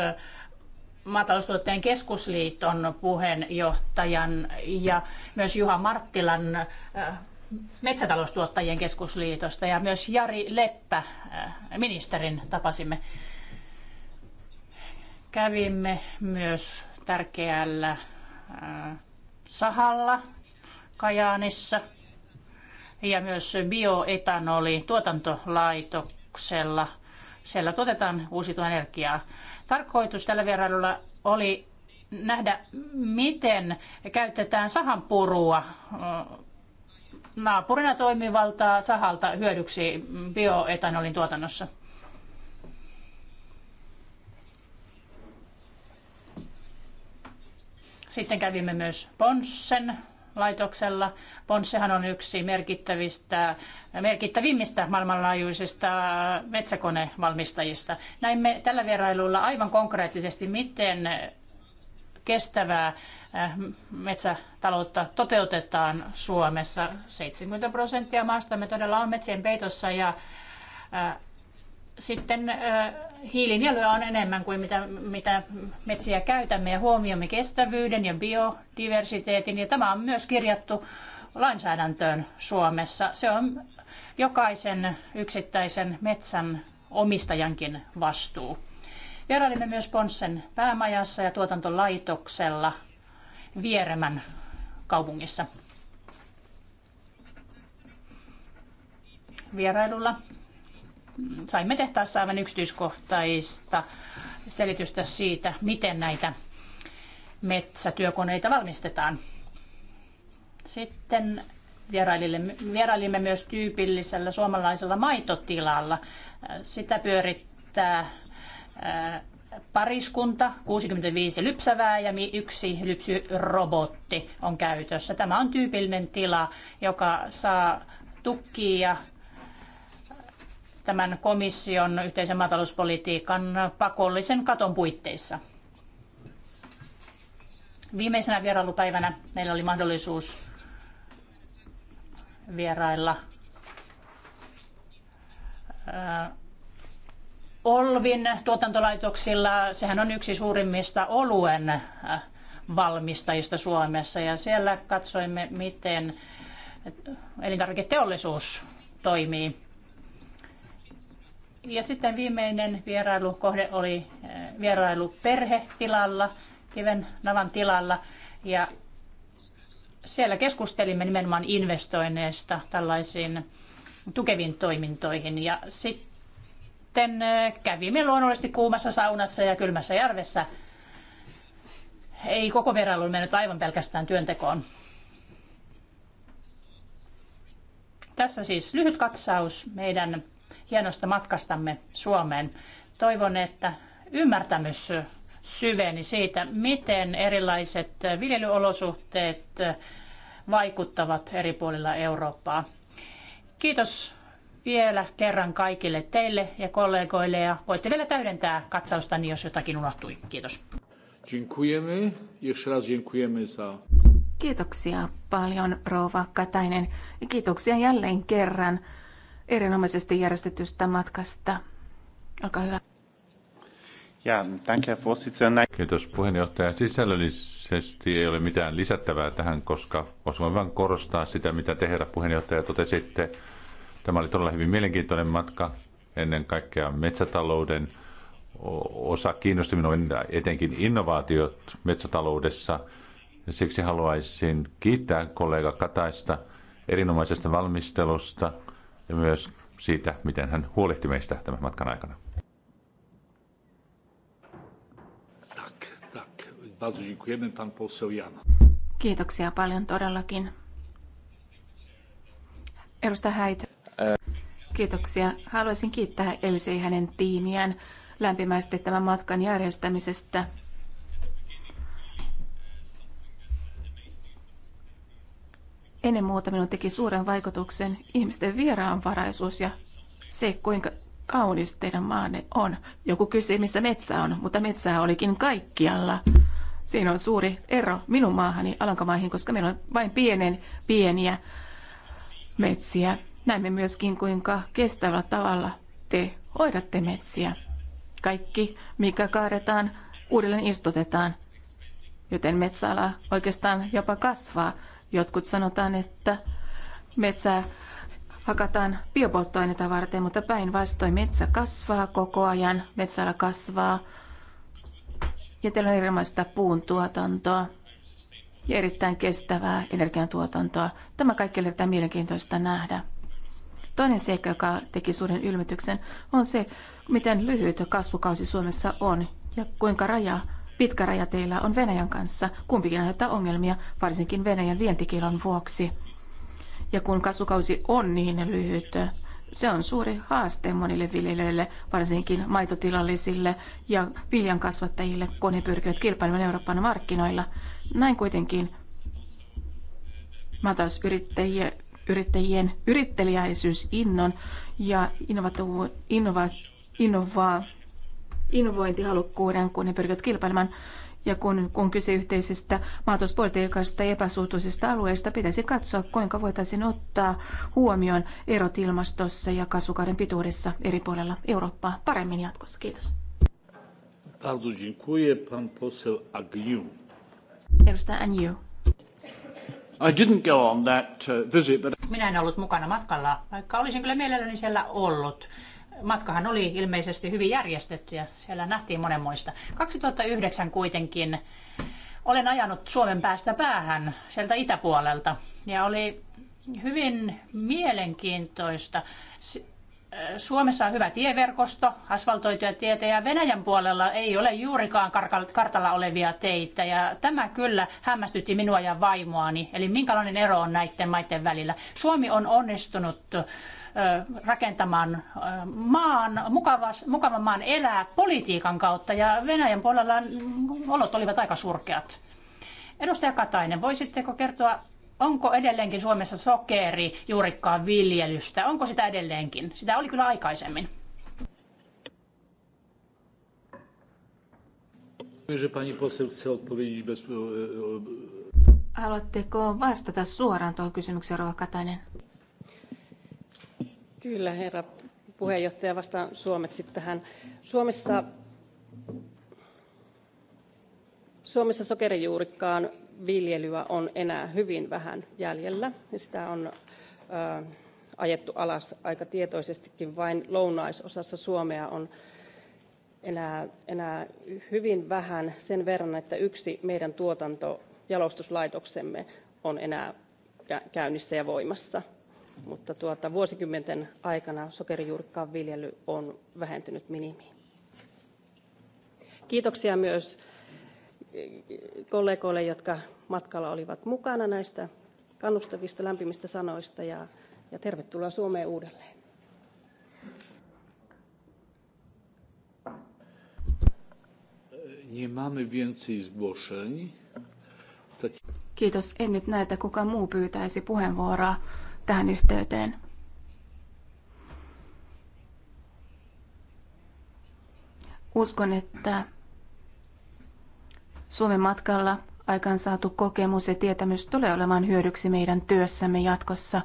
maataloustuottajien keskusliiton puheenjohtajan ja myös Juha Marttilan Metsätaloustuottajien keskusliitosta ja myös Jari Leppä, äh, ministerin, tapasimme. Kävimme myös tärkeällä äh, sahalla Kajaanissa ja myös bioetanoli tuotantolaitoksella. Siellä tuotetaan uusiutuvaa energiaa. Tarkoitus tällä vierailulla oli nähdä, miten käytetään sahanpurua naapurina toimivaltaa sahalta hyödyksi bioetanolin tuotannossa? Sitten kävimme myös Ponssen laitoksella. Ponssehan on yksi merkittävistä, merkittävimmistä maailmanlaajuisista metsäkonevalmistajista. Näimme tällä vierailulla aivan konkreettisesti, miten kestävää äh, metsätaloutta toteutetaan Suomessa. 70 prosenttia maastamme todella on metsien peitossa ja äh, sitten äh, hiilinieluja on enemmän kuin mitä, mitä metsiä käytämme ja huomioimme kestävyyden ja biodiversiteetin. Ja tämä on myös kirjattu lainsäädäntöön Suomessa. Se on jokaisen yksittäisen metsän omistajankin vastuu. Vierailimme myös Ponssen päämajassa ja tuotantolaitoksella Vieremän kaupungissa. Vierailulla saimme tehtaassa aivan yksityiskohtaista selitystä siitä, miten näitä metsätyökoneita valmistetaan. Sitten vierailimme, vierailimme myös tyypillisellä suomalaisella maitotilalla. Sitä pyörittää Äh, pariskunta, 65 lypsävää ja yksi lypsyrobotti on käytössä. Tämä on tyypillinen tila, joka saa tukia tämän komission yhteisen maatalouspolitiikan pakollisen katon puitteissa. Viimeisenä vierailupäivänä meillä oli mahdollisuus vierailla äh, Olvin tuotantolaitoksilla, sehän on yksi suurimmista oluen äh, valmistajista Suomessa ja siellä katsoimme, miten elintarviketeollisuus toimii. Ja sitten viimeinen vierailukohde oli äh, vierailu perhetilalla, Kiven Navan tilalla. Ja siellä keskustelimme nimenomaan investoinneista tällaisiin tukeviin toimintoihin. Ja sitten sitten kävimme luonnollisesti kuumassa saunassa ja kylmässä järvessä. Ei koko vierailu mennyt aivan pelkästään työntekoon. Tässä siis lyhyt katsaus meidän hienosta matkastamme Suomeen. Toivon, että ymmärtämys syveni siitä, miten erilaiset viljelyolosuhteet vaikuttavat eri puolilla Eurooppaa. Kiitos vielä kerran kaikille teille ja kollegoille ja voitte vielä täydentää katsaustani, jos jotakin unohtui. Kiitos. Kiitoksia paljon, Rouva Katainen. Ja kiitoksia jälleen kerran erinomaisesti järjestetystä matkasta. Olkaa hyvä. Ja, danke, Kiitos puheenjohtaja. Sisällöllisesti ei ole mitään lisättävää tähän, koska voisin vain korostaa sitä, mitä te herra puheenjohtaja totesitte Tämä oli todella hyvin mielenkiintoinen matka, ennen kaikkea metsätalouden osa kiinnosti minua etenkin innovaatiot metsätaloudessa. Siksi haluaisin kiittää kollega Kataista erinomaisesta valmistelusta ja myös siitä, miten hän huolehti meistä tämän matkan aikana. Kiitoksia paljon todellakin. Edustaja Häitö. Kiitoksia. Haluaisin kiittää Elsi hänen tiimiään lämpimästi tämän matkan järjestämisestä. Ennen muuta minun teki suuren vaikutuksen ihmisten vieraanvaraisuus ja se, kuinka kaunis teidän maanne on. Joku kysyi, missä metsä on, mutta metsää olikin kaikkialla. Siinä on suuri ero minun maahani, Alankomaihin, koska meillä on vain pienen pieniä metsiä. Näemme myöskin, kuinka kestävällä tavalla te hoidatte metsiä. Kaikki, mikä kaadetaan, uudelleen istutetaan, joten metsäala oikeastaan jopa kasvaa. Jotkut sanotaan, että metsää hakataan biopolttoaineita varten, mutta päinvastoin metsä kasvaa koko ajan, metsäala kasvaa ja teillä on erilaista puun tuotantoa ja erittäin kestävää energiantuotantoa. Tämä kaikki on erittäin mielenkiintoista nähdä. Toinen seikka, joka teki suuren ylmytyksen on se, miten lyhyt kasvukausi Suomessa on ja kuinka raja, pitkä raja teillä on Venäjän kanssa. Kumpikin aiheuttaa ongelmia, varsinkin Venäjän vientikilon vuoksi. Ja kun kasvukausi on niin lyhyt, se on suuri haaste monille viljelijöille, varsinkin maitotilallisille ja viljan kasvattajille, kun he pyrkivät kilpailemaan Euroopan markkinoilla. Näin kuitenkin maatalousyrittäjien yrittäjien innon ja innova, innova, innovointihalukkuuden, kun ne pyrkivät kilpailemaan. Ja kun, kun kyse yhteisestä maatalouspolitiikasta ja epäsuhtuisista alueista, pitäisi katsoa, kuinka voitaisiin ottaa huomioon erot ilmastossa ja kasvukauden pituudessa eri puolella Eurooppaa paremmin jatkossa. Kiitos. Bardzo dziękuję. Pan poseł Agniu. Edustaja Agniu. I didn't go on that uh, visit, but... Minä en ollut mukana matkalla, vaikka olisin kyllä mielelläni siellä ollut. Matkahan oli ilmeisesti hyvin järjestetty ja siellä nähtiin monenmoista. 2009 kuitenkin olen ajanut Suomen päästä päähän sieltä itäpuolelta ja oli hyvin mielenkiintoista Suomessa on hyvä tieverkosto, asfaltoituja tietä ja Venäjän puolella ei ole juurikaan kartalla olevia teitä ja tämä kyllä hämmästytti minua ja vaimoani. Eli minkälainen ero on näiden maiden välillä? Suomi on onnistunut rakentamaan maan, mukavas, mukavan maan elää politiikan kautta ja Venäjän puolella olot olivat aika surkeat. Edustaja Katainen, voisitteko kertoa Onko edelleenkin Suomessa sokeri juurikkaan viljelystä? Onko sitä edelleenkin? Sitä oli kyllä aikaisemmin. E, e, e, Haluatteko vastata suoraan tuohon kysymykseen, Rova Katainen? Kyllä, herra puheenjohtaja, vastaan suomeksi tähän. Suomessa, Suomessa sokerijuurikkaan viljelyä on enää hyvin vähän jäljellä ja sitä on äh, ajettu alas aika tietoisestikin. Vain lounaisosassa Suomea on enää, enää hyvin vähän sen verran, että yksi meidän tuotantojalostuslaitoksemme on enää käynnissä ja voimassa. Mutta tuota, vuosikymmenten aikana sokerijuurikkaan viljely on vähentynyt minimiin. Kiitoksia myös kollegoille, jotka matkalla olivat mukana näistä kannustavista lämpimistä sanoista ja, ja tervetuloa Suomeen uudelleen. Nie mamy więcej zgłoszeń. Kiitos. En nyt näe, että kuka muu pyytäisi puheenvuoroa tähän yhteyteen. Uskon, että Suomen matkalla aikaan saatu kokemus ja tietämys tulee olemaan hyödyksi meidän työssämme jatkossa.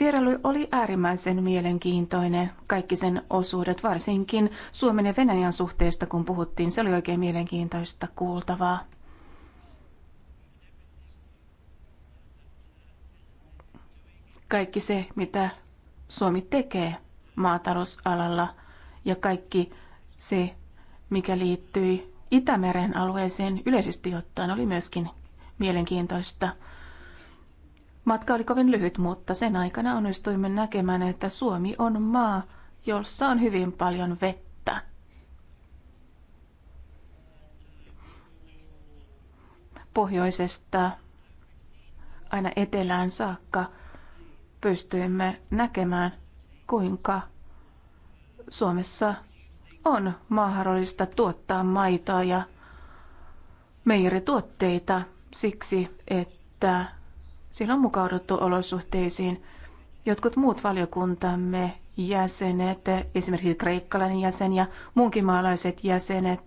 Vierailu oli äärimmäisen mielenkiintoinen, kaikki sen osuudet, varsinkin Suomen ja Venäjän suhteesta, kun puhuttiin. Se oli oikein mielenkiintoista kuultavaa. Kaikki se, mitä Suomi tekee maatalousalalla ja kaikki se, mikä liittyy Itämeren alueeseen yleisesti ottaen oli myöskin mielenkiintoista. Matka oli kovin lyhyt, mutta sen aikana onnistuimme näkemään, että Suomi on maa, jossa on hyvin paljon vettä. Pohjoisesta aina etelään saakka pystyimme näkemään, kuinka Suomessa on mahdollista tuottaa maitoa ja meijerituotteita siksi, että sillä on mukauduttu olosuhteisiin. Jotkut muut valiokuntamme jäsenet, esimerkiksi kreikkalainen jäsen ja muunkin maalaiset jäsenet,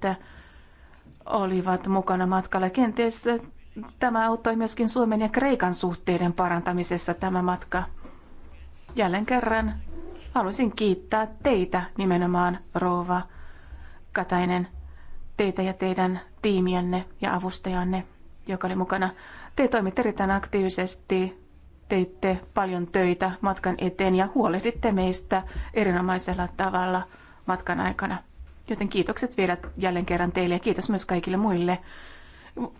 olivat mukana matkalla. Kenties tämä auttoi myöskin Suomen ja Kreikan suhteiden parantamisessa tämä matka. Jälleen kerran Haluaisin kiittää teitä nimenomaan, Rouva Katainen, teitä ja teidän tiimienne ja avustajanne, joka oli mukana. Te toimitte erittäin aktiivisesti, teitte paljon töitä matkan eteen ja huolehditte meistä erinomaisella tavalla matkan aikana. Joten kiitokset vielä jälleen kerran teille ja kiitos myös kaikille muille.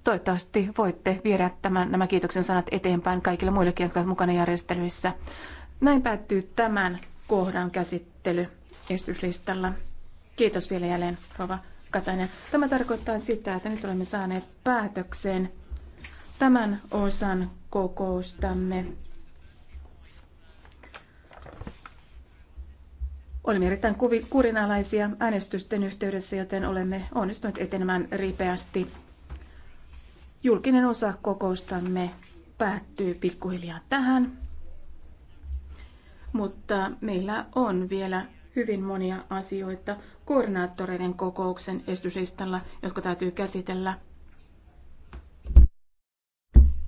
Toivottavasti voitte viedä tämän, nämä kiitoksen sanat eteenpäin kaikille muillekin, jotka ovat mukana järjestelyissä. Näin päättyy tämän kohdan käsittely estyslistalla. Kiitos vielä jälleen, Rova Katainen. Tämä tarkoittaa sitä, että nyt olemme saaneet päätökseen tämän osan kokoustamme. Olimme erittäin kurinalaisia äänestysten yhteydessä, joten olemme onnistuneet etenemään ripeästi. Julkinen osa kokoustamme päättyy pikkuhiljaa tähän mutta meillä on vielä hyvin monia asioita koordinaattoreiden kokouksen estyslistalla, jotka täytyy käsitellä.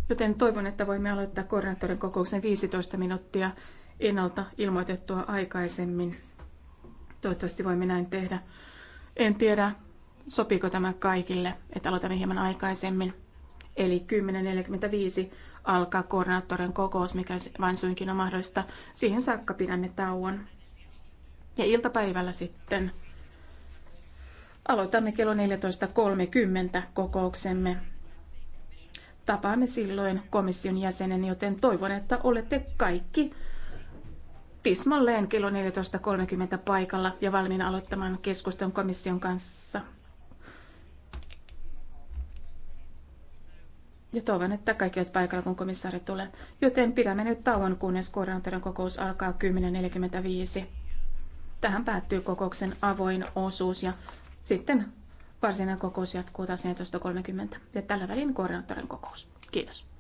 Joten toivon, että voimme aloittaa koordinaattorin kokouksen 15 minuuttia ennalta ilmoitettua aikaisemmin. Toivottavasti voimme näin tehdä. En tiedä, sopiiko tämä kaikille, että aloitamme hieman aikaisemmin. Eli 10.45 alkaa koordinaattorin kokous, mikä vain suinkin on mahdollista. Siihen saakka pidämme tauon. Ja iltapäivällä sitten aloitamme kello 14.30 kokouksemme. Tapaamme silloin komission jäsenen, joten toivon, että olette kaikki tismalleen kello 14.30 paikalla ja valmiina aloittamaan keskustelun komission kanssa. Ja toivon, että kaikki ovat paikalla, kun komissaari tulee. Joten pidämme nyt tauon, kunnes koordinaattorin kokous alkaa 10.45. Tähän päättyy kokouksen avoin osuus ja sitten varsinainen kokous jatkuu taas 14.30. Ja tällä välin koordinaattorin kokous. Kiitos.